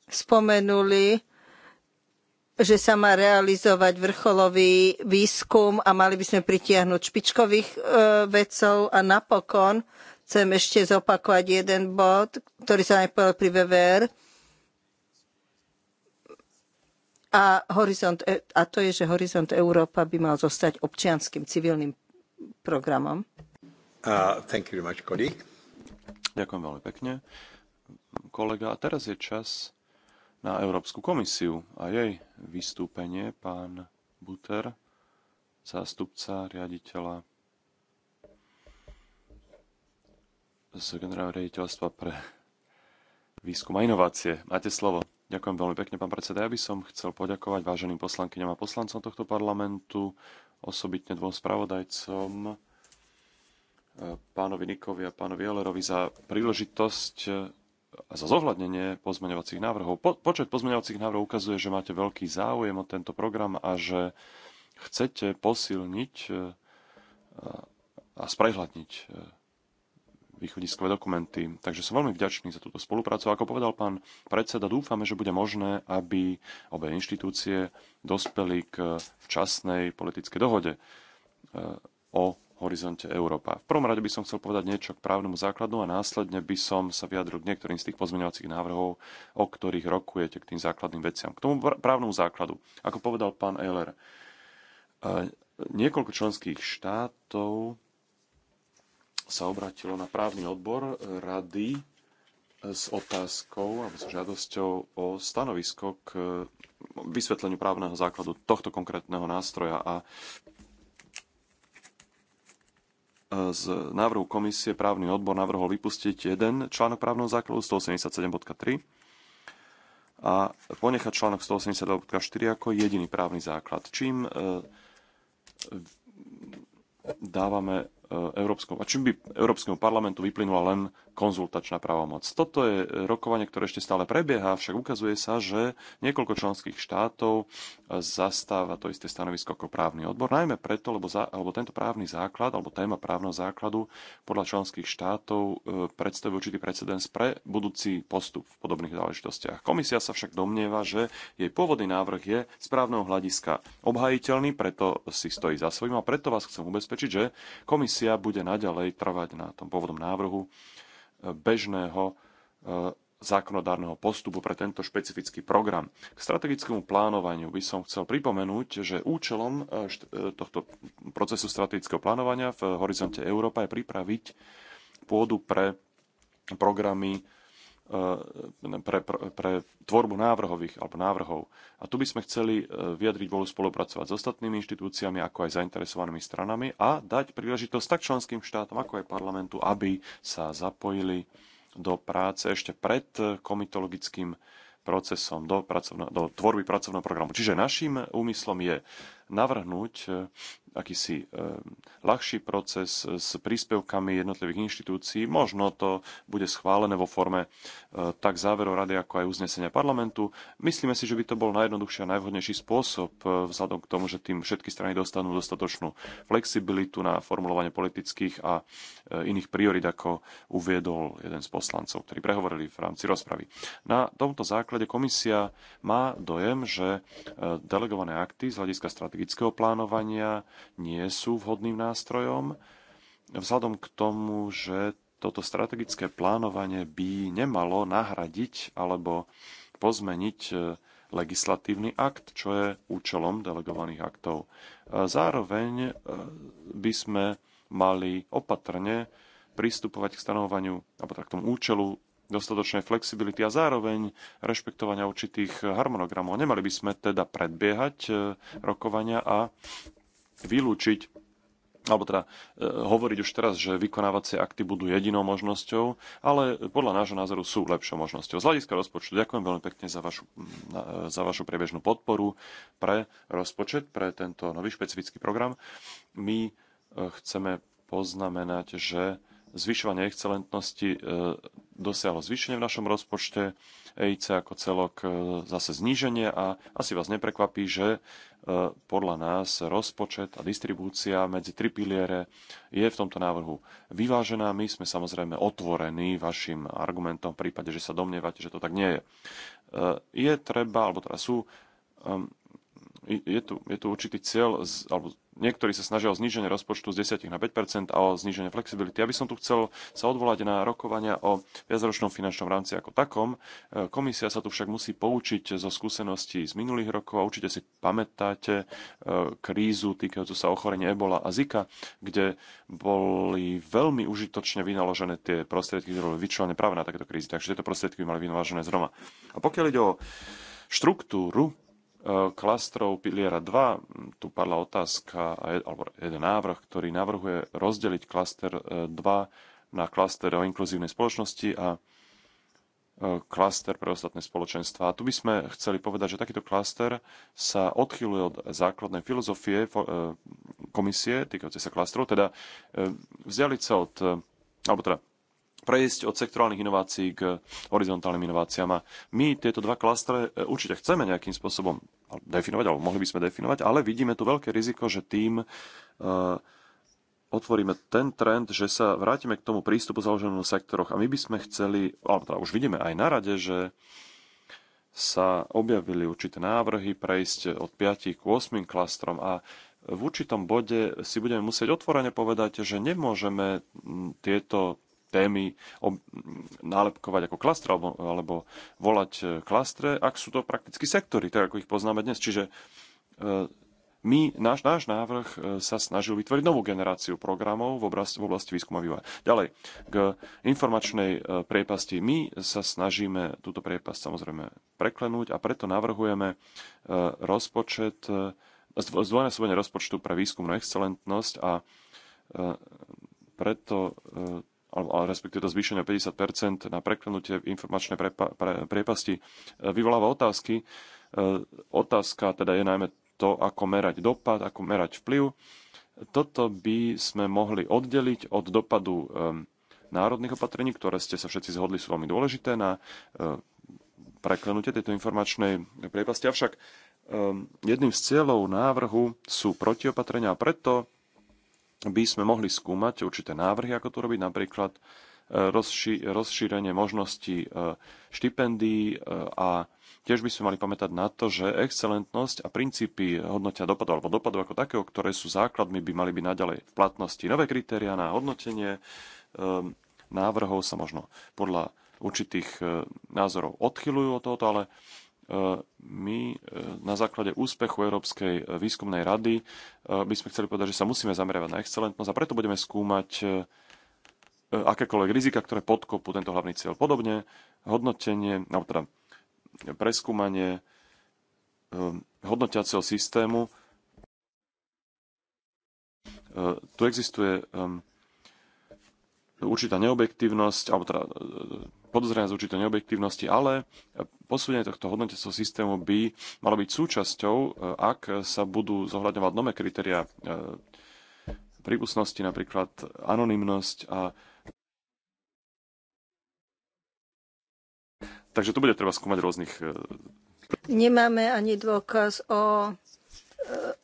spomenuli, že sa má realizovať vrcholový výskum a mali by sme pritiahnuť špičkových e, vedcov a napokon chcem ešte zopakovať jeden bod, ktorý sa aj povedal pri VVR a, horizont, e, a to je, že Horizont Európa by mal zostať občianským civilným programom. Uh, thank you very much, Ďakujem veľmi pekne. Kolega, a teraz je čas na Európsku komisiu a jej vystúpenie pán Buter, zástupca riaditeľa z generálneho riaditeľstva pre výskum a inovácie. Máte slovo. Ďakujem veľmi pekne, pán predseda. Ja by som chcel poďakovať váženým poslankyňam a poslancom tohto parlamentu, osobitne dvom spravodajcom, e, pánovi Nikovi a pánovi Jelerovi za príležitosť e, a za zohľadnenie pozmeňovacích návrhov. Po, počet pozmeňovacích návrhov ukazuje, že máte veľký záujem o tento program a že chcete posilniť e, a sprehľadniť východiskové dokumenty. Takže som veľmi vďačný za túto spoluprácu. Ako povedal pán predseda, dúfame, že bude možné, aby obe inštitúcie dospeli k včasnej politickej dohode eh, o horizonte Európa. V prvom rade by som chcel povedať niečo k právnemu základu a následne by som sa vyjadril k niektorým z tých pozmeňovacích návrhov, o ktorých rokujete k tým základným veciam. K tomu právnemu základu. Ako povedal pán Eiler, eh, niekoľko členských štátov sa obratilo na právny odbor rady s otázkou alebo s žiadosťou o stanovisko k vysvetleniu právneho základu tohto konkrétneho nástroja a z návrhu komisie právny odbor navrhol vypustiť jeden článok právneho základu 187.3 a ponechať článok 182.4 ako jediný právny základ, čím e, dávame E, Európskom, a čím by Európskemu parlamentu vyplynula len konzultačná právomoc. Toto je rokovanie, ktoré ešte stále prebieha, však ukazuje sa, že niekoľko členských štátov zastáva to isté stanovisko ako právny odbor, najmä preto, lebo, za, lebo tento právny základ alebo téma právneho základu podľa členských štátov e, predstavuje určitý precedens pre budúci postup v podobných záležitostiach. Komisia sa však domnieva, že jej pôvodný návrh je z právneho hľadiska obhajiteľný, preto si stojí za svojím a preto vás chcem ubezpečiť, že komisia bude naďalej trvať na tom pôvodnom návrhu bežného e, zákonodárneho postupu pre tento špecifický program. K strategickému plánovaniu by som chcel pripomenúť, že účelom e, e, tohto procesu strategického plánovania v horizonte Európa je pripraviť pôdu pre programy E, pre, pre, pre tvorbu návrhových alebo návrhov. A tu by sme chceli e, vyjadriť voľu spolupracovať s ostatnými inštitúciami, ako aj zainteresovanými stranami a dať príležitosť tak členským štátom, ako aj parlamentu, aby sa zapojili do práce ešte pred e, komitologickým procesom do, pracovno, do tvorby pracovného programu. Čiže našim úmyslom je navrhnúť akýsi eh, ľahší proces eh, s príspevkami jednotlivých inštitúcií. Možno to bude schválené vo forme eh, tak záverov rady, ako aj uznesenia parlamentu. Myslíme si, že by to bol najjednoduchší a najvhodnejší spôsob, vzhľadom k tomu, že tým všetky strany dostanú dostatočnú flexibilitu na formulovanie politických a iných priorit, ako uviedol jeden z poslancov, ktorí prehovorili v rámci rozpravy. Na tomto základe komisia má dojem, že delegované akty z hľadiska strategického plánovania, nie sú vhodným nástrojom, vzhľadom k tomu, že toto strategické plánovanie by nemalo nahradiť alebo pozmeniť e, legislatívny akt, čo je účelom delegovaných aktov. E, zároveň e, by sme mali opatrne pristupovať k stanovaniu, alebo tak k tomu účelu dostatočnej flexibility a zároveň rešpektovania určitých harmonogramov. Nemali by sme teda predbiehať rokovania a vylúčiť alebo teda e, hovoriť už teraz, že vykonávacie akty budú jedinou možnosťou, ale podľa nášho názoru sú lepšou možnosťou. Z hľadiska rozpočtu ďakujem veľmi pekne za vašu, za vašu priebežnú podporu pre rozpočet, pre tento nový špecifický program. My e, chceme poznamenať, že zvyšovanie excelentnosti e, dosiahlo zvýšenie v našom rozpočte, EIC ako celok e, zase zníženie a asi vás neprekvapí, že E, podľa nás rozpočet a distribúcia medzi tri piliere je v tomto návrhu vyvážená. My sme samozrejme otvorení vašim argumentom v prípade, že sa domnievate, že to tak nie je. E, je treba, alebo teda sú, e, je tu, je tu určitý cieľ, alebo niektorí sa snažia o zníženie rozpočtu z 10 na 5 a o zníženie flexibility. Ja by som tu chcel sa odvolať na rokovania o viacročnom finančnom rámci ako takom. E, komisia sa tu však musí poučiť zo skúseností z minulých rokov a určite si pamätáte e, krízu týkajúcu sa ochorenia Ebola a Zika, kde boli veľmi užitočne vynaložené tie prostriedky, ktoré boli vyčlenené práve na takéto krízy. Takže tieto prostriedky by mali vynaložené zroma. A pokiaľ ide o štruktúru E, klastrov piliera 2, tu padla otázka, alebo jeden návrh, ktorý navrhuje rozdeliť klaster 2 e, na klaster o inkluzívnej spoločnosti a e, klaster pre ostatné spoločenstva. A tu by sme chceli povedať, že takýto klaster sa odchyluje od základnej filozofie komisie týkajúce sa klastrov, teda vzdialiť sa od, alebo teda prejsť od sektorálnych inovácií k horizontálnym inováciám. A my tieto dva klastre e, určite chceme nejakým spôsobom definovať, alebo mohli by sme definovať, ale vidíme tu veľké riziko, že tým e, otvoríme ten trend, že sa vrátime k tomu prístupu založenému na sektoroch. A my by sme chceli, alebo teda už vidíme aj na rade, že sa objavili určité návrhy prejsť od 5 k 8 klastrom a v určitom bode si budeme musieť otvorene povedať, že nemôžeme tieto témy nálepkovať ako klastre alebo, alebo volať e, klastre, ak sú to prakticky sektory, tak ako ich poznáme dnes. Čiže e, my, náš, náš návrh e, sa snažil vytvoriť novú generáciu programov v oblasti, v oblasti výskuma vývoja. Ďalej, k informačnej priepasti. My sa snažíme túto priepasť samozrejme preklenúť a preto navrhujeme rozpočet, zdvojnásobenie rozpočtu pre výskumnú excelentnosť a preto alebo respektíve to zvýšenie o 50 na preklenutie informačnej prepa, pre, priepasti, e, vyvoláva otázky. E, otázka teda je najmä to, ako merať dopad, ako merať vplyv. Toto by sme mohli oddeliť od dopadu e, národných opatrení, ktoré ste sa všetci zhodli, sú veľmi dôležité na preklenutie tejto informačnej priepasti. Avšak jedným z cieľov návrhu sú protiopatrenia a preto by sme mohli skúmať určité návrhy, ako to robiť, napríklad e, rozšírenie možností e, štipendií e, a tiež by sme mali pamätať na to, že excelentnosť a princípy hodnotia dopadu alebo dopadu ako takého, ktoré sú základmi, by mali byť naďalej v platnosti. Nové kritéria na hodnotenie návrhov sa možno podľa určitých názorov odchylujú od tohoto, ale my e, na základe úspechu Európskej e, výskumnej rady e, by sme chceli povedať, že sa musíme zamerať na excelentnosť a preto budeme skúmať akékoľvek rizika, ktoré podkopú tento hlavný cieľ. Podobne hodnotenie, alebo teda preskúmanie hodnotiaceho systému. Tu existuje určitá neobjektívnosť, alebo teda podozrenia z určitej neobjektívnosti, ale posúdenie tohto hodnotecov systému by malo byť súčasťou, e, ak sa budú zohľadňovať nové kritéria e, prípustnosti, napríklad anonymnosť a Takže to bude treba skúmať rôznych... E- Nemáme ani dôkaz o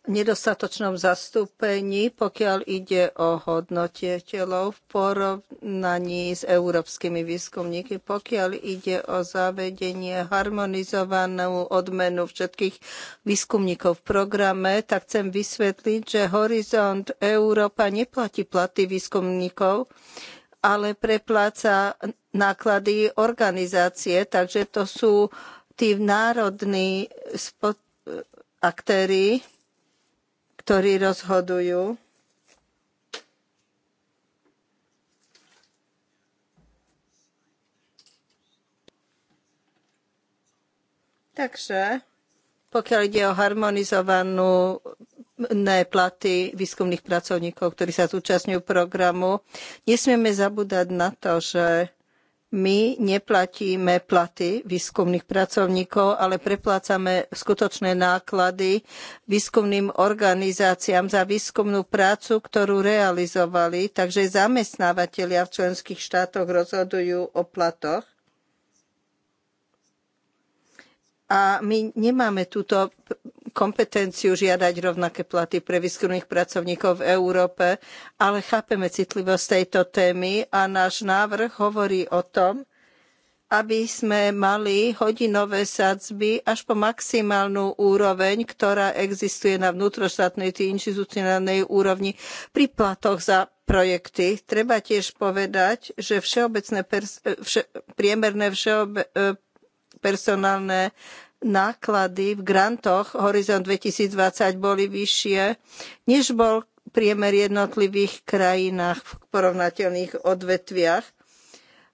nedostatočnom zastúpení, pokiaľ ide o hodnotiteľov v porovnaní s európskymi výskumníky, pokiaľ ide o zavedenie harmonizovanú odmenu všetkých výskumníkov v programe, tak chcem vysvetliť, že Horizont Európa neplatí platy výskumníkov, ale prepláca náklady organizácie, takže to sú tí národní spot- aktéry, ktorí rozhodujú. Takže pokiaľ ide o harmonizovanú platy výskumných pracovníkov, ktorí sa zúčastňujú programu, nesmieme zabúdať na to, že my neplatíme platy výskumných pracovníkov, ale preplácame skutočné náklady výskumným organizáciám za výskumnú prácu, ktorú realizovali. Takže zamestnávateľia v členských štátoch rozhodujú o platoch. A my nemáme túto kompetenciu žiadať rovnaké platy pre výskumných pracovníkov v Európe, ale chápeme citlivosť tejto témy a náš návrh hovorí o tom, aby sme mali hodinové sadzby až po maximálnu úroveň, ktorá existuje na vnútroštátnej či inštitucionálnej úrovni pri platoch za projekty. Treba tiež povedať, že všeobecné pers- vše- priemerné všeobe- e, personálne náklady v grantoch Horizon 2020 boli vyššie, než bol priemer jednotlivých krajinách v porovnateľných odvetviach.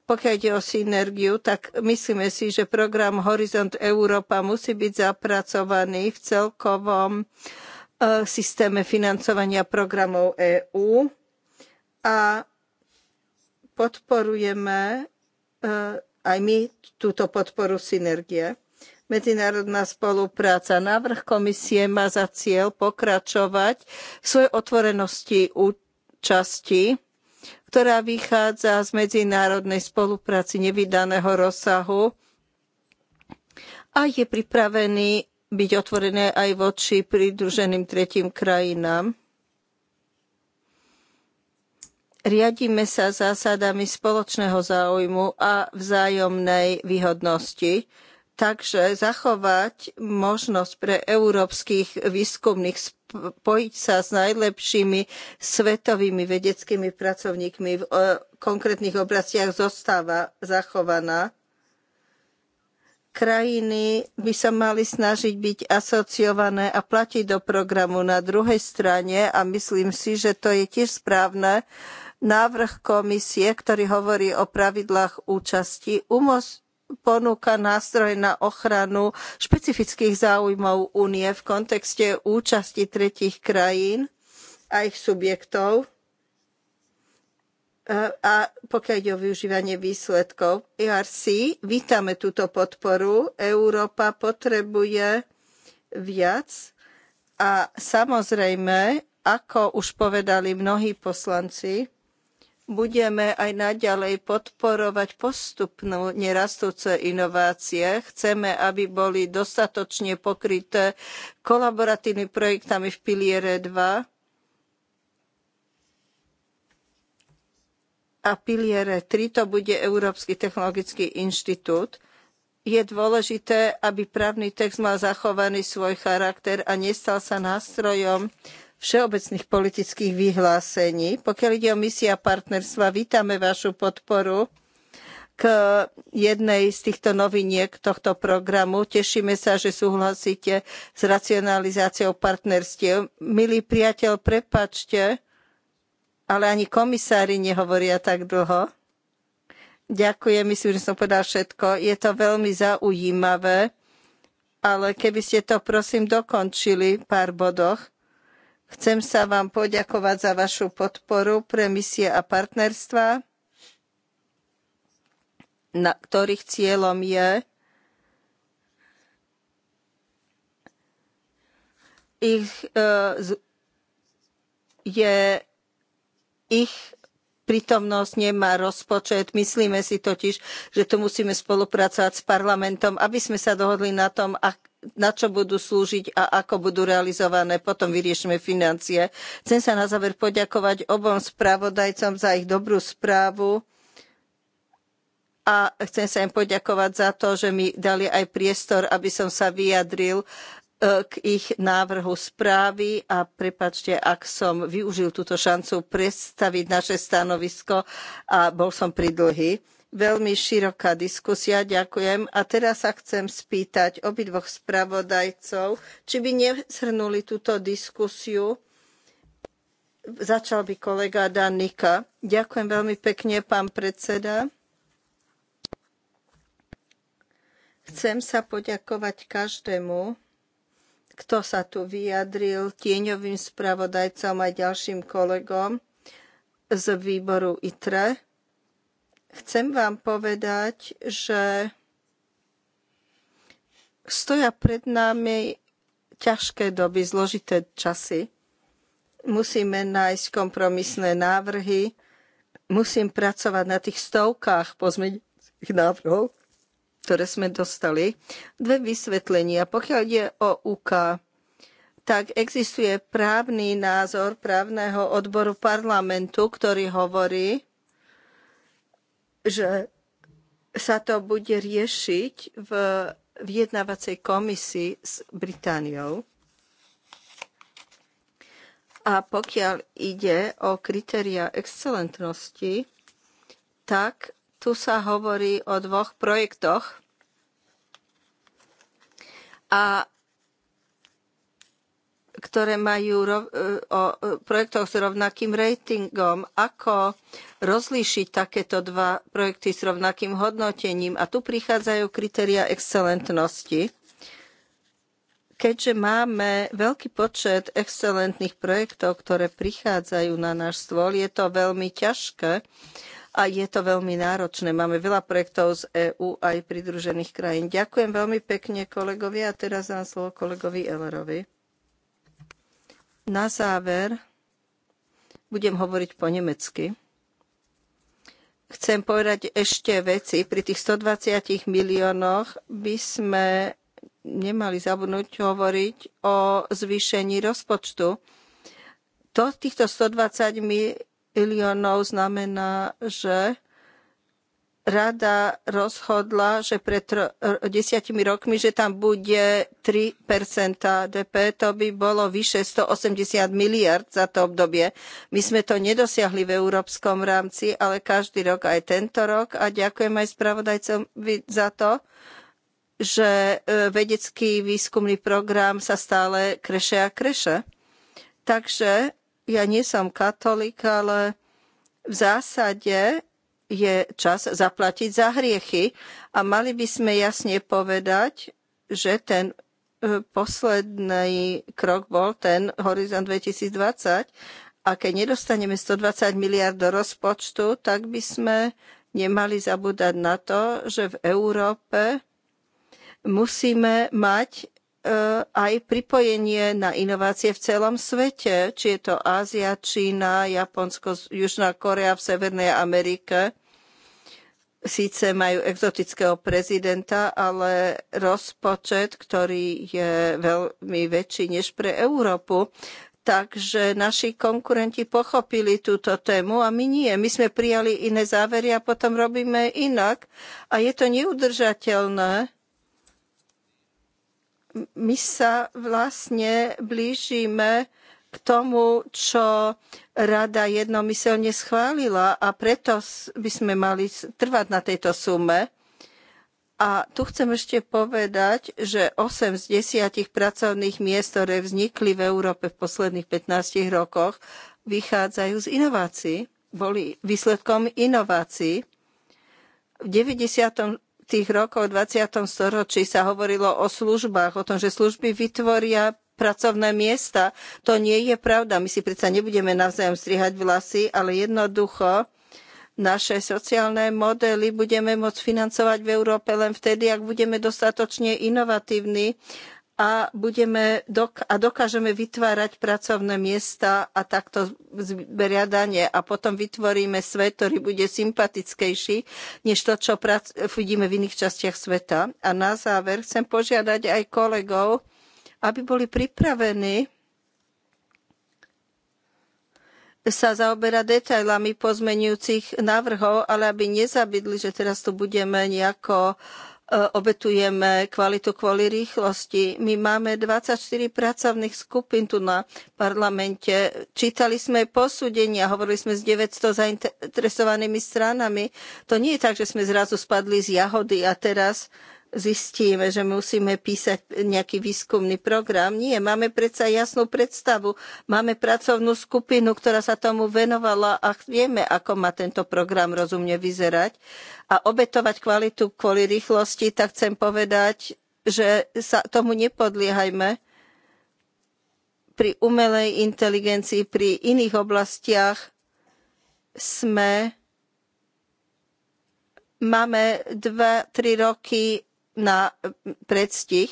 Pokiaľ ide o synergiu, tak myslíme si, že program Horizont Európa musí byť zapracovaný v celkovom e, systéme financovania programov EÚ a podporujeme e, aj my túto podporu synergie medzinárodná spolupráca. Návrh komisie má za cieľ pokračovať v svojej otvorenosti účasti ktorá vychádza z medzinárodnej spolupráci nevydaného rozsahu a je pripravený byť otvorené aj voči pridruženým tretím krajinám. Riadíme sa zásadami spoločného záujmu a vzájomnej výhodnosti. Takže zachovať možnosť pre európskych výskumných spojiť sa s najlepšími svetovými vedeckými pracovníkmi v e, konkrétnych oblastiach zostáva zachovaná. Krajiny by sa mali snažiť byť asociované a platiť do programu na druhej strane a myslím si, že to je tiež správne, návrh komisie, ktorý hovorí o pravidlách účasti, umožňuje ponúka nástroj na ochranu špecifických záujmov únie v kontexte účasti tretích krajín a ich subjektov e, a pokiaľ ide o využívanie výsledkov ERC, vítame túto podporu. Európa potrebuje viac a samozrejme, ako už povedali mnohí poslanci, budeme aj naďalej podporovať postupnú nerastúce inovácie. Chceme, aby boli dostatočne pokryté kolaboratívnymi projektami v piliere 2 a v piliere 3 to bude Európsky technologický inštitút. Je dôležité, aby právny text mal zachovaný svoj charakter a nestal sa nástrojom, všeobecných politických vyhlásení. Pokiaľ ide o misia partnerstva, vítame vašu podporu k jednej z týchto noviniek tohto programu. Tešíme sa, že súhlasíte s racionalizáciou partnerstiev. Milý priateľ, prepačte, ale ani komisári nehovoria tak dlho. Ďakujem, myslím, že som povedal všetko. Je to veľmi zaujímavé, ale keby ste to prosím dokončili v pár bodoch, Chcem sa vám poďakovať za vašu podporu pre misie a partnerstva, na ktorých cieľom je ich eh, je ich prítomnosť, nemá rozpočet. Myslíme si totiž, že tu musíme spolupracovať s parlamentom, aby sme sa dohodli na tom, na čo budú slúžiť a ako budú realizované. Potom vyriešime financie. Chcem sa na záver poďakovať obom spravodajcom za ich dobrú správu a chcem sa im poďakovať za to, že mi dali aj priestor, aby som sa vyjadril E, k ich návrhu správy a prepačte, ak som využil túto šancu predstaviť naše stanovisko a bol som pridlhý. Veľmi široká diskusia, ďakujem. A teraz sa chcem spýtať obidvoch spravodajcov, či by nezhrnuli túto diskusiu. Začal by kolega Danika. Ďakujem veľmi pekne, pán predseda. Chcem sa poďakovať každému, kto sa tu vyjadril, tieňovým spravodajcom a ďalším kolegom z výboru ITRE. Chcem vám povedať, že stoja pred nami ťažké doby, zložité časy. Musíme nájsť kompromisné návrhy, musím pracovať na tých stovkách pozmeňujúcich návrhov, ktoré sme dostali. Dve vysvetlenia. Pokiaľ ide o UK, tak existuje právny názor právneho odboru parlamentu, ktorý hovorí, že sa to bude riešiť v vyjednávacej komisii s Britániou. A pokiaľ ide o kritéria excelentnosti, tak tu sa hovorí o dvoch projektoch a ktoré majú rov, e, o e, projektoch s rovnakým ratingom. Ako rozlíšiť takéto dva projekty s rovnakým hodnotením? A tu prichádzajú kritéria excelentnosti. Keďže máme veľký počet excelentných projektov, ktoré prichádzajú na náš stôl, je to veľmi ťažké a je to veľmi náročné. Máme veľa projektov z EÚ aj pridružených krajín. Ďakujem veľmi pekne kolegovi a teraz dám slovo kolegovi Ellerovi. Na záver budem hovoriť po nemecky. Chcem povedať ešte veci. Pri tých 120 miliónoch by sme nemali zabudnúť hovoriť o zvýšení rozpočtu. To, týchto 120 miliónov miliónov znamená, že rada rozhodla, že pred desiatimi rokmi, že tam bude 3 DP, to by bolo vyše 180 miliard za to obdobie. My sme to nedosiahli v európskom rámci, ale každý rok aj tento rok a ďakujem aj spravodajcom za to, že e, vedecký výskumný program sa stále kreše a kreše. Takže ja nie som katolík, ale v zásade je čas zaplatiť za hriechy a mali by sme jasne povedať, že ten e, posledný krok bol ten Horizont 2020 a keď nedostaneme 120 miliard do rozpočtu, tak by sme nemali zabúdať na to, že v Európe musíme mať Eh, aj pripojenie na inovácie v celom svete, či je to Ázia, Čína, Japonsko, Južná Korea v Severnej Amerike. Síce majú exotického prezidenta, ale rozpočet, ktorý je veľmi väčší než pre Európu. Takže naši konkurenti pochopili túto tému a my nie. My sme prijali iné závery a potom robíme inak. A je to neudržateľné my sa vlastne blížime k tomu, čo rada jednomyselne schválila a preto by sme mali trvať na tejto sume. A tu chcem ešte povedať, že 8 z 10 pracovných miest, ktoré vznikli v Európe v posledných 15 rokoch, vychádzajú z inovácií, boli výsledkom inovácií. V 90 tých rokoch 20. storočí sa hovorilo o službách, o tom, že služby vytvoria pracovné miesta. To nie je pravda. My si predsa nebudeme navzájom strihať vlasy, ale jednoducho naše sociálne modely budeme môcť financovať v Európe len vtedy, ak budeme dostatočne inovatívni a, budeme dok- a dokážeme vytvárať pracovné miesta a takto zberiadanie a potom vytvoríme svet, ktorý bude sympatickejší než to, čo prac- vidíme v iných častiach sveta. A na záver chcem požiadať aj kolegov, aby boli pripravení sa zaoberá detailami pozmenujúcich návrhov, ale aby nezabudli, že teraz tu budeme nejako uh, E, obetujeme kvalitu kvôli rýchlosti. My máme 24 pracovných skupín tu na parlamente. Čítali sme posúdenia, hovorili sme s 900 zainteresovanými stranami. To nie je tak, že sme zrazu spadli z jahody a teraz zistíme, že musíme písať nejaký výskumný program. Nie, máme predsa jasnú predstavu. Máme pracovnú skupinu, ktorá sa tomu venovala a vieme, ako má tento program rozumne vyzerať. A obetovať kvalitu kvôli rýchlosti, tak chcem povedať, že sa tomu nepodliehajme pri umelej inteligencii, pri iných oblastiach sme máme dva, tri roky na predstih.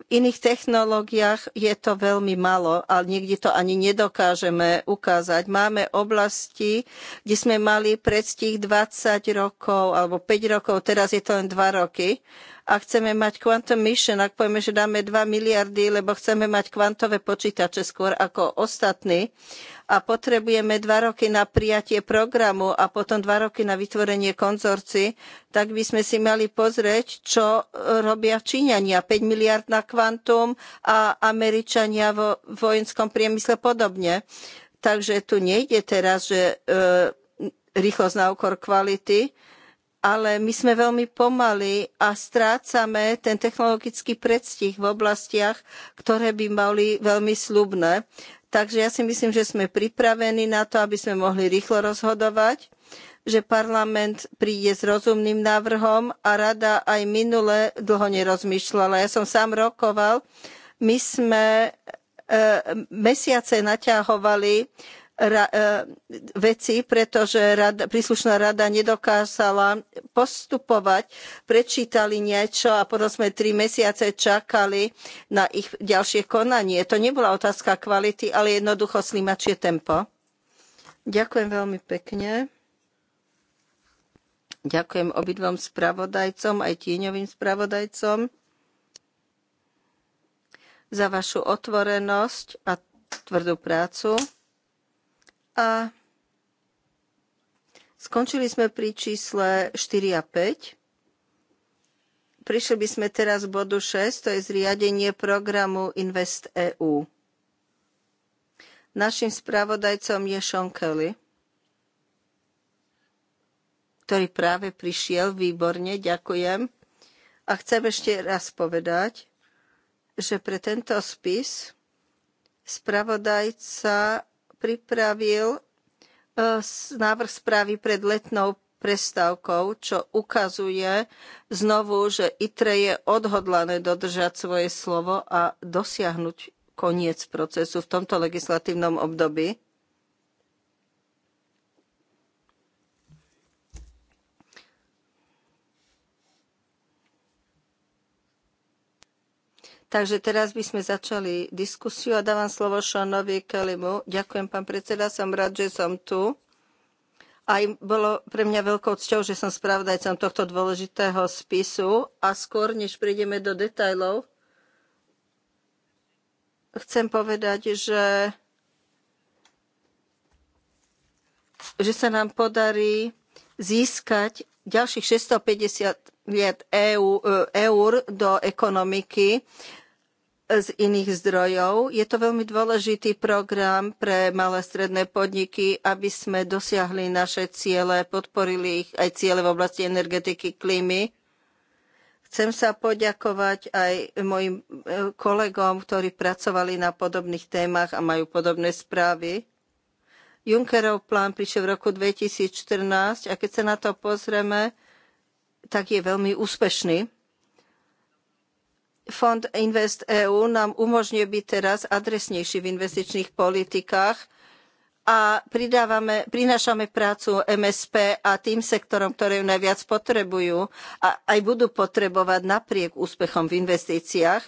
V iných technológiách je to veľmi malo, ale niekde to ani nedokážeme ukázať. Máme oblasti, kde sme mali predstih 20 rokov alebo 5 rokov, teraz je to len 2 roky a chceme mať quantum mission, ak povieme, že dáme 2 miliardy, lebo chceme mať kvantové počítače skôr ako ostatní a potrebujeme dva roky na prijatie programu a potom dva roky na vytvorenie konzorcií, tak by sme si mali pozrieť, čo e, robia Číňania. 5 miliard na kvantum a Američania vo vojenskom priemysle podobne. Takže tu nejde teraz, že e, rýchlosť na úkor kvality, ale my sme veľmi pomalí a strácame ten technologický predstih v oblastiach, ktoré by mali veľmi slubné. Takže ja si myslím, že sme pripravení na to, aby sme mohli rýchlo rozhodovať, že parlament príde s rozumným návrhom a rada aj minule dlho nerozmýšľala. Ja som sám rokoval. My sme e, mesiace naťahovali E, veci, pretože rada, príslušná rada nedokázala postupovať. Prečítali niečo a potom sme tri mesiace čakali na ich ďalšie konanie. To nebola otázka kvality, ale jednoducho slimačie tempo. Ďakujem veľmi pekne. Ďakujem obidvom spravodajcom, aj tieňovým spravodajcom za vašu otvorenosť a tvrdú prácu. A skončili sme pri čísle 4 a 5. Prišli by sme teraz k bodu 6, to je zriadenie programu Invest EU. Našim spravodajcom je Sean Kelly, ktorý práve prišiel. Výborne, ďakujem. A chcem ešte raz povedať, že pre tento spis spravodajca pripravil e, návrh správy pred letnou prestávkou, čo ukazuje znovu, že ITRE je odhodlané dodržať svoje slovo a dosiahnuť koniec procesu v tomto legislatívnom období. Takže teraz by sme začali diskusiu a dávam slovo Šonovi Kelimu. Ďakujem, pán predseda, som rád, že som tu. Aj bolo pre mňa veľkou cťou, že som spravdajcom tohto dôležitého spisu a skôr, než prídeme do detajlov, chcem povedať, že, že sa nám podarí získať ďalších 650 miliard e e, eur do ekonomiky z iných zdrojov. Je to veľmi dôležitý program pre malé stredné podniky, aby sme dosiahli naše ciele, podporili ich aj ciele v oblasti energetiky klímy. Chcem sa poďakovať aj mojim e, kolegom, ktorí pracovali na podobných témach a majú podobné správy. Junckerov plán prišiel v roku 2014 a keď sa na to pozrieme, tak je veľmi úspešný Fond Invest EU nám umožňuje byť teraz adresnejší v investičných politikách a pridávame, prinášame prácu MSP a tým sektorom, ktoré ju najviac potrebujú a aj budú potrebovať napriek úspechom v investíciách.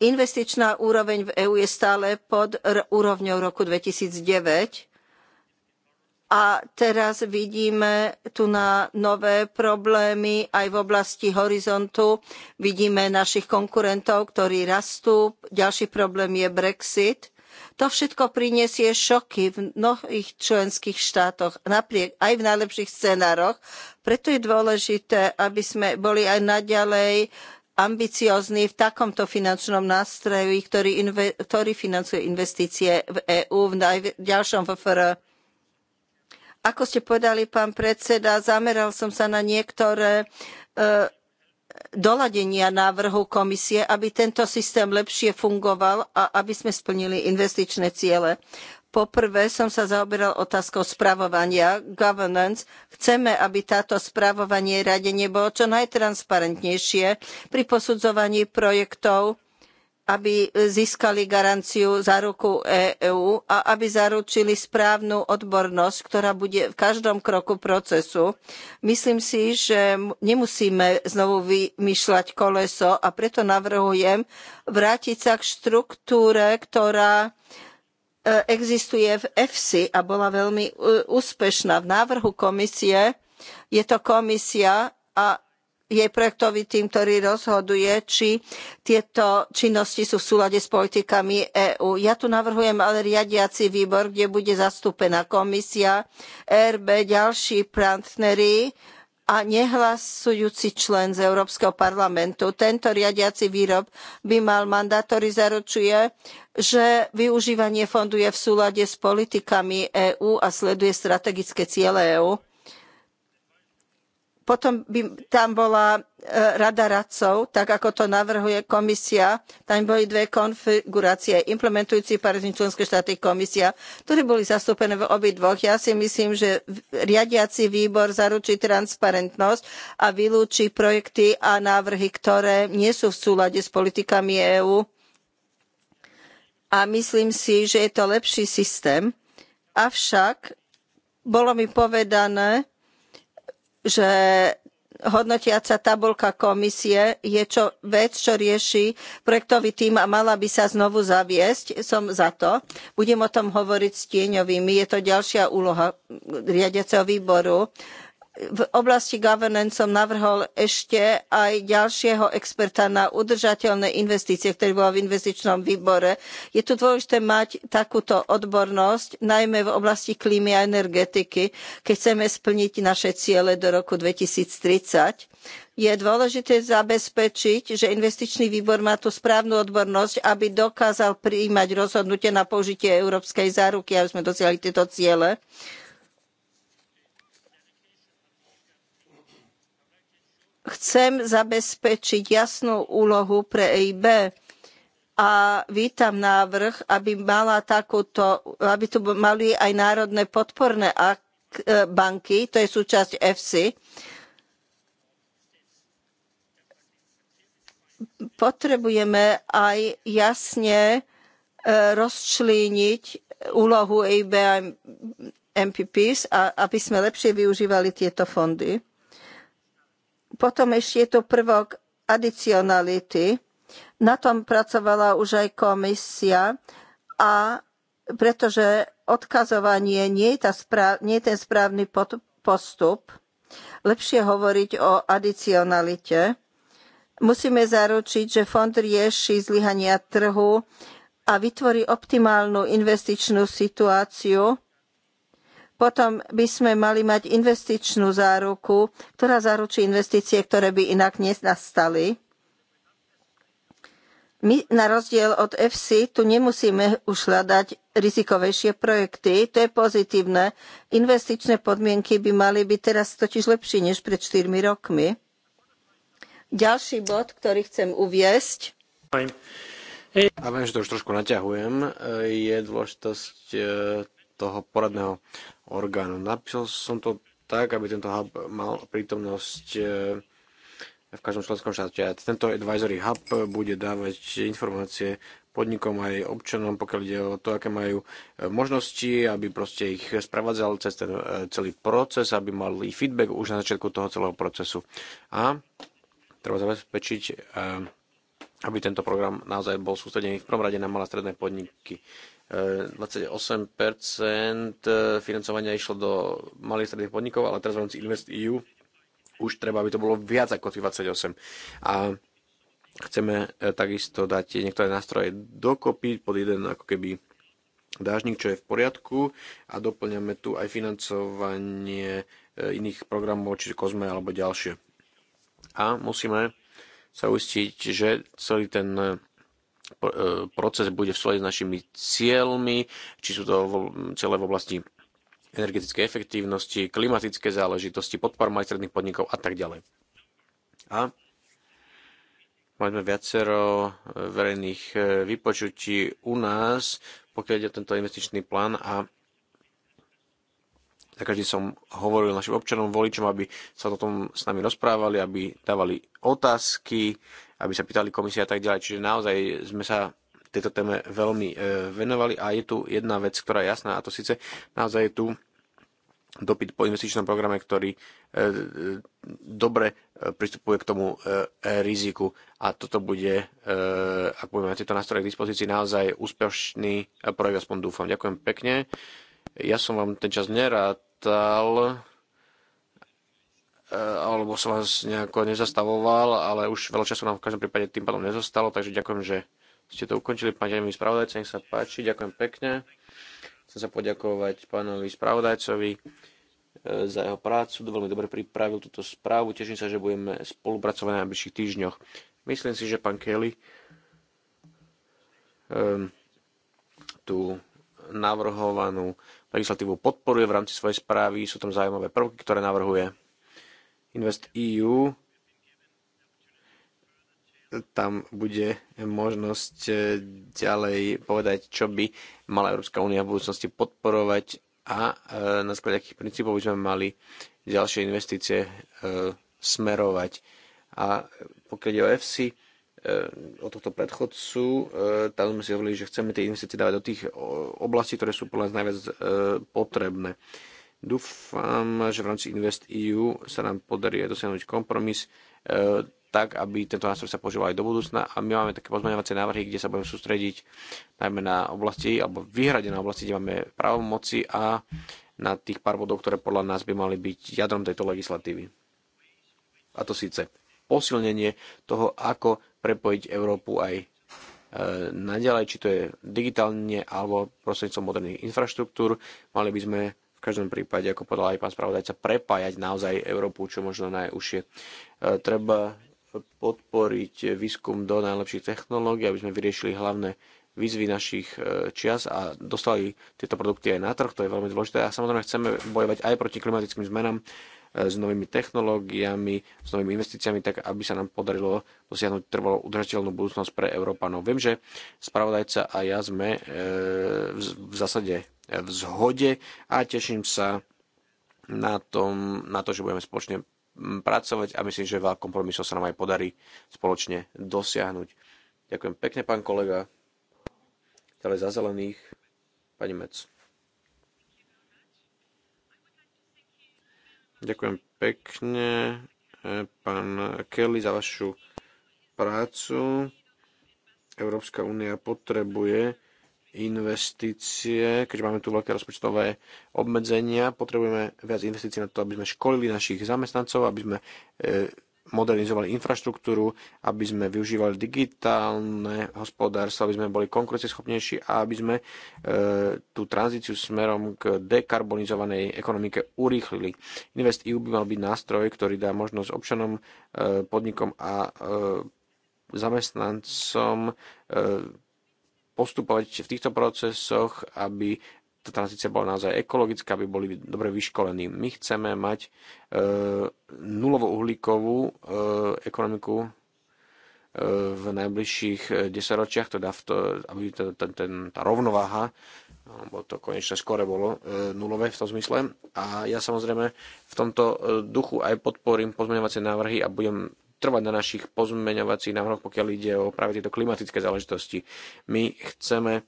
Investičná úroveň v EÚ je stále pod úrovňou roku 2009 a teraz vidíme tu na nové problémy aj v oblasti horizontu. Vidíme našich konkurentov, ktorí rastú. Ďalší problém je Brexit. To všetko prinesie šoky v mnohých členských štátoch, napriek aj v najlepších scenároch. Preto je dôležité, aby sme boli aj naďalej ambiciózni v takomto finančnom nástroji, ktorý, ktorý financuje investície v EÚ v ďalšom VFR ako ste povedali, pán predseda, zameral som sa na niektoré e, doladenia návrhu komisie, aby tento systém lepšie fungoval a aby sme splnili investičné ciele. Poprvé som sa zaoberal otázkou spravovania, governance. Chceme, aby táto spravovanie riadenie bolo čo najtransparentnejšie pri posudzovaní projektov aby získali garanciu záruku EÚ a aby zaručili správnu odbornosť, ktorá bude v každom kroku procesu. Myslím si, že nemusíme znovu vymýšľať koleso a preto navrhujem vrátiť sa k štruktúre, ktorá e, existuje v EFSI a bola veľmi e, úspešná. V návrhu komisie je to komisia a je projektový tým, ktorý rozhoduje, či tieto činnosti sú v súlade s politikami EÚ. Ja tu navrhujem ale riadiaci výbor, kde bude zastúpená komisia, ERB, ďalší partneri a nehlasujúci člen z Európskeho parlamentu. Tento riadiaci výrob by mal mandát, ktorý zaručuje, že využívanie fondu je v súlade s politikami EÚ a sleduje strategické ciele EÚ potom by tam bola e, rada radcov, tak ako to navrhuje komisia. Tam boli dve konfigurácie, implementujúci parazní členské štáty komisia, ktoré boli zastúpené v obidvoch. Ja si myslím, že riadiaci výbor zaručí transparentnosť a vylúči projekty a návrhy, ktoré nie sú v súlade s politikami EÚ. A myslím si, že je to lepší systém. Avšak bolo mi povedané, že hodnotiaca tabulka komisie je čo, vec, čo rieši projektový tím a mala by sa znovu zaviesť. Som za to. Budem o tom hovoriť s tieňovými. Je to ďalšia úloha riadiaceho výboru v oblasti governance som navrhol ešte aj ďalšieho experta na udržateľné investície, ktorý bol v investičnom výbore. Je tu dôležité mať takúto odbornosť, najmä v oblasti klímy a energetiky, keď chceme splniť naše ciele do roku 2030. Je dôležité zabezpečiť, že investičný výbor má tú správnu odbornosť, aby dokázal prijímať rozhodnutie na použitie európskej záruky, aby sme dosiahli tieto ciele. Chcem zabezpečiť jasnú úlohu pre EIB a vítam návrh, aby, mala takúto, aby tu mali aj národné podporné e, banky, to je súčasť EFSI. potrebujeme aj jasne e, rozčlíniť úlohu EIB a MPPs, aby sme lepšie využívali tieto fondy. Potom ešte je tu prvok adicionality. Na tom pracovala už aj komisia a pretože odkazovanie nie je, tá správ, nie je ten správny postup, lepšie hovoriť o adicionalite. Musíme zaručiť, že fond rieši zlyhania trhu a vytvorí optimálnu investičnú situáciu potom by sme mali mať investičnú záruku, ktorá zaručí investície, ktoré by inak nenastali. My na rozdiel od FC tu nemusíme už hľadať rizikovejšie projekty. To je pozitívne. Investičné podmienky by mali byť teraz totiž lepšie než pred 4 rokmi. Ďalší bod, ktorý chcem uviesť. A viem, že to už trošku naťahujem, je dôležitosť e, toho poradného orgánov. Napísal som to tak, aby tento hub mal prítomnosť e, v každom členskom štáte. A tento advisory hub bude dávať informácie podnikom aj občanom, pokiaľ ide o to, aké majú e, možnosti, aby proste ich spravádzal cez ten e, celý proces, aby mali feedback už na začiatku toho celého procesu. A treba zabezpečiť, aby tento program naozaj bol sústredený v prvom rade na malé stredné podniky. 28% eh, financovania išlo do malých stredných podnikov, ale teraz v rámci Invest EU už treba, aby to bolo viac ako tých 28. A chceme eh, takisto dať niektoré nástroje dokopy pod jeden ako keby dážnik, čo je v poriadku a doplňame tu aj financovanie eh, iných programov, čiže Kozme alebo ďalšie. A musíme sa uistiť, že celý ten E, proces bude v slede s našimi cieľmi, či sú to celé v oblasti energetické efektívnosti, klimatické záležitosti, podpor malých stredných podnikov a tak ďalej. A mali sme viacero e, verejných e, vypočutí u nás, pokiaľ ide o tento investičný plán a tak každý som hovoril našim občanom, voličom, aby sa o tom s nami rozprávali, aby dávali otázky, aby sa pýtali komisie a tak ďalej. Čiže naozaj sme sa tejto téme veľmi e, venovali a je tu jedna vec, ktorá je jasná a to síce naozaj je tu dopyt po investičnom programe, ktorý e, e, dobre pristupuje k tomu riziku a toto bude, ak budeme mať tieto nástroje k dispozícii, naozaj úspešný projekt, aspoň dúfam. Ďakujem pekne. Ja som vám ten čas nerátal. Eh, alebo som vás nejako nezastavoval, ale už veľa času nám v každom prípade tým pádom nezostalo, takže ďakujem, že ste to ukončili, pán ďalej spravodajca, nech sa páči, ďakujem pekne. Chcem sa poďakovať pánovi spravodajcovi eh, za jeho prácu, veľmi dobre pripravil túto správu, teším sa, že budeme spolupracovať na najbližších týždňoch. Myslím si, že pán Kelly um, tú navrhovanú legislatívu podporuje v rámci svojej správy, sú tam zaujímavé prvky, ktoré navrhuje Invest EU tam bude možnosť e, ďalej povedať, čo by mala Európska únia v budúcnosti podporovať a e, na základe akých princípov by sme mali ďalšie investície e, smerovať. A pokiaľ je o FC, o tohto predchodcu, tam sme si hovorili, že chceme tie investície dávať do tých oblastí, ktoré sú podľa nás najviac potrebné. Dúfam, že v rámci Invest EU sa nám podarí dosiahnuť kompromis e, tak, aby tento nástroj sa používal aj do budúcna. A my máme také pozmeňovacie návrhy, kde sa budeme sústrediť najmä na oblasti, alebo vyhrade na oblasti, kde máme právomoci a na tých pár bodov, ktoré podľa nás by mali byť jadrom tejto legislatívy. A to síce posilnenie toho, ako prepojiť Európu aj e, naďalej, či to je digitálne alebo prostredníctvom moderných infraštruktúr. Mali by sme každom prípade, ako povedal aj pán spravodajca, prepájať naozaj Európu čo možno najúžšie. E, treba podporiť výskum do najlepších technológií, aby sme vyriešili hlavné výzvy našich e, čias a dostali tieto produkty aj na trh, to je veľmi dôležité. A samozrejme chceme bojovať aj proti klimatickým zmenám E, s novými technológiami, s novými investíciami, tak aby sa nám podarilo dosiahnuť trvalo udržateľnú budúcnosť pre Európanov. Viem, že spravodajca a ja sme e, v zásade e, v zhode a teším sa na, tom, na to, že budeme spoločne pracovať a myslím, že veľa kompromisov sa nám aj podarí spoločne dosiahnuť. Ďakujem pekne, pán kolega. Ďalej za zelených. Pani Mec. Ďakujem pekne, e, pán Kelly, za vašu prácu. Európska únia potrebuje investície, keďže máme tu veľké rozpočtové obmedzenia, potrebujeme viac investícií na to, aby sme školili našich zamestnancov, aby sme e, modernizovali infraštruktúru, aby sme využívali digitálne hospodárstvo, aby sme boli konkurencieschopnejší a aby sme e, tú tranzíciu smerom k dekarbonizovanej ekonomike urýchlili. Invest EU by mal byť nástroj, ktorý dá možnosť občanom, e, podnikom a e, zamestnancom e, postupovať v týchto procesoch, aby tá tranzícia bola naozaj ekologická, aby boli dobre vyškolení. My chceme mať e, nulovo uhlíkovú e, ekonomiku e, v najbližších e, desaťročiach, teda v to, aby t, t, t, tá rovnováha, alebo no, to konečne skore bolo e, nulové v tom zmysle. A ja samozrejme v tomto e, duchu aj podporím pozmeňovacie návrhy a budem trvať na našich pozmeňovacích návrhoch, pokiaľ ide o práve tieto klimatické záležitosti. My chceme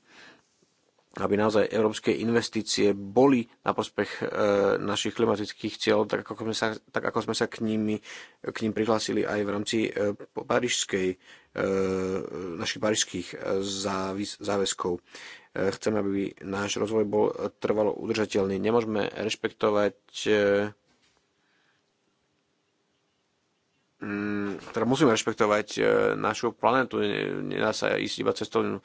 aby naozaj európske investície boli na prospech e, našich klimatických cieľov, tak ako sme sa, tak ako sme sa k, nimi, k ním prihlásili aj v rámci e, parížskej, e, našich parížských záväzkov. Chceme, aby náš rozvoj bol trvalo udržateľný. Nemôžeme rešpektovať teda musíme rešpektovať našu planetu, nedá sa ísť iba cestou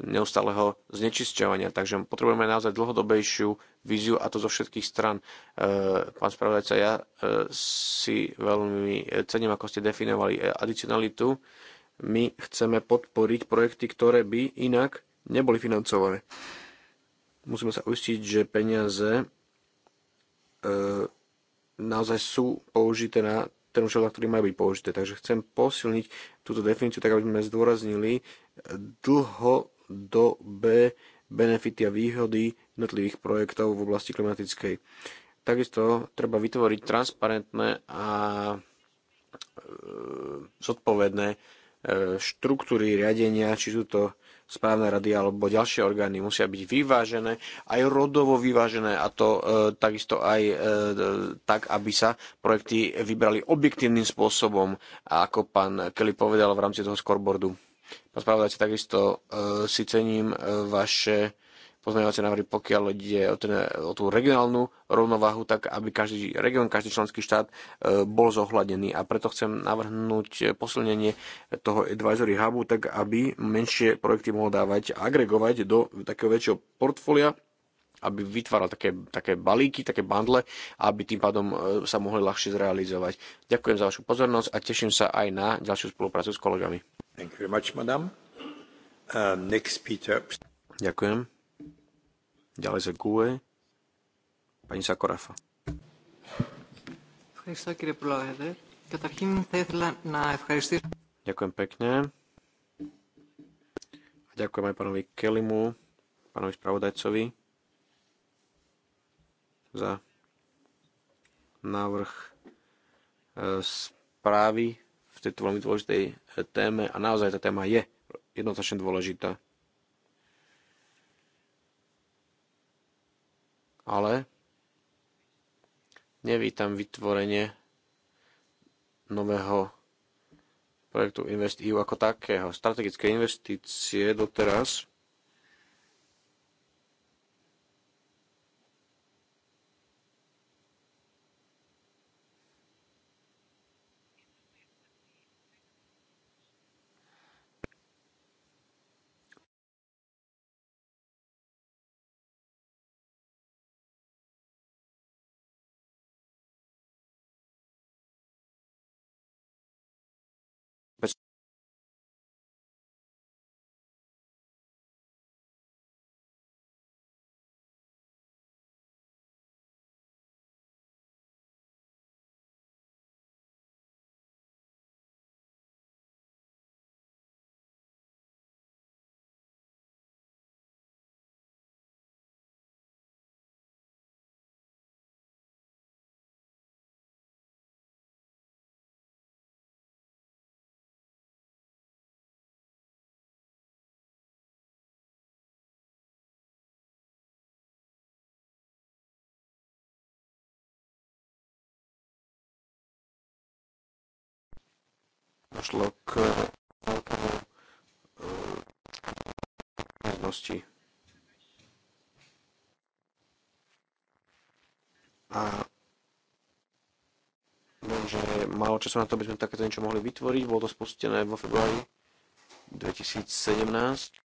neustáleho znečisťovania. Takže potrebujeme naozaj dlhodobejšiu víziu a to zo všetkých stran. E, pán spravodajca, ja e, si veľmi e, cením, ako ste definovali adicionalitu. My chceme podporiť projekty, ktoré by inak neboli financované. Musíme sa uistiť, že peniaze naozaj sú použité na ten účel, na ktorý majú byť použité. Takže chcem posilniť túto definíciu tak, aby sme zdôraznili dlho do B benefity a výhody jednotlivých projektov v oblasti klimatickej. Takisto treba vytvoriť transparentné a e, zodpovedné e, štruktúry riadenia, či sú to správne rady alebo ďalšie orgány musia byť vyvážené, aj rodovo vyvážené a to e, takisto aj e, tak, aby sa projekty vybrali objektívnym spôsobom, ako pán Kelly povedal v rámci toho scoreboardu. Pán spravodajca, takisto e, si cením e, vaše pozmeňovacie návrhy, pokiaľ ide o, ten, o tú regionálnu rovnováhu, tak aby každý región, každý členský štát e, bol zohľadený. A preto chcem navrhnúť posilnenie toho advisory hubu, tak aby menšie projekty mohol dávať, agregovať do takého väčšieho portfólia aby vytváral také, také balíky, také bandle, aby tým pádom e, sa mohli ľahšie zrealizovať. Ďakujem za vašu pozornosť a teším sa aj na ďalšiu spoluprácu s kolegami. Thank you very much, madam. Uh, next, Peter. Ďakujem. Ďalej za GUE. Pani Sakorafa. Ďakujem pekne. A ďakujem aj pánovi Kelimu, pánovi spravodajcovi za návrh e, správy v tejto veľmi dôležitej e, téme a naozaj tá téma je jednoznačne dôležitá. Ale nevítam vytvorenie nového projektu InvestEU ako takého. Strategické investície doteraz došlo k znosti. E, A viem, že málo času na to, aby sme takéto niečo mohli vytvoriť. Bolo to spustené vo februári 2017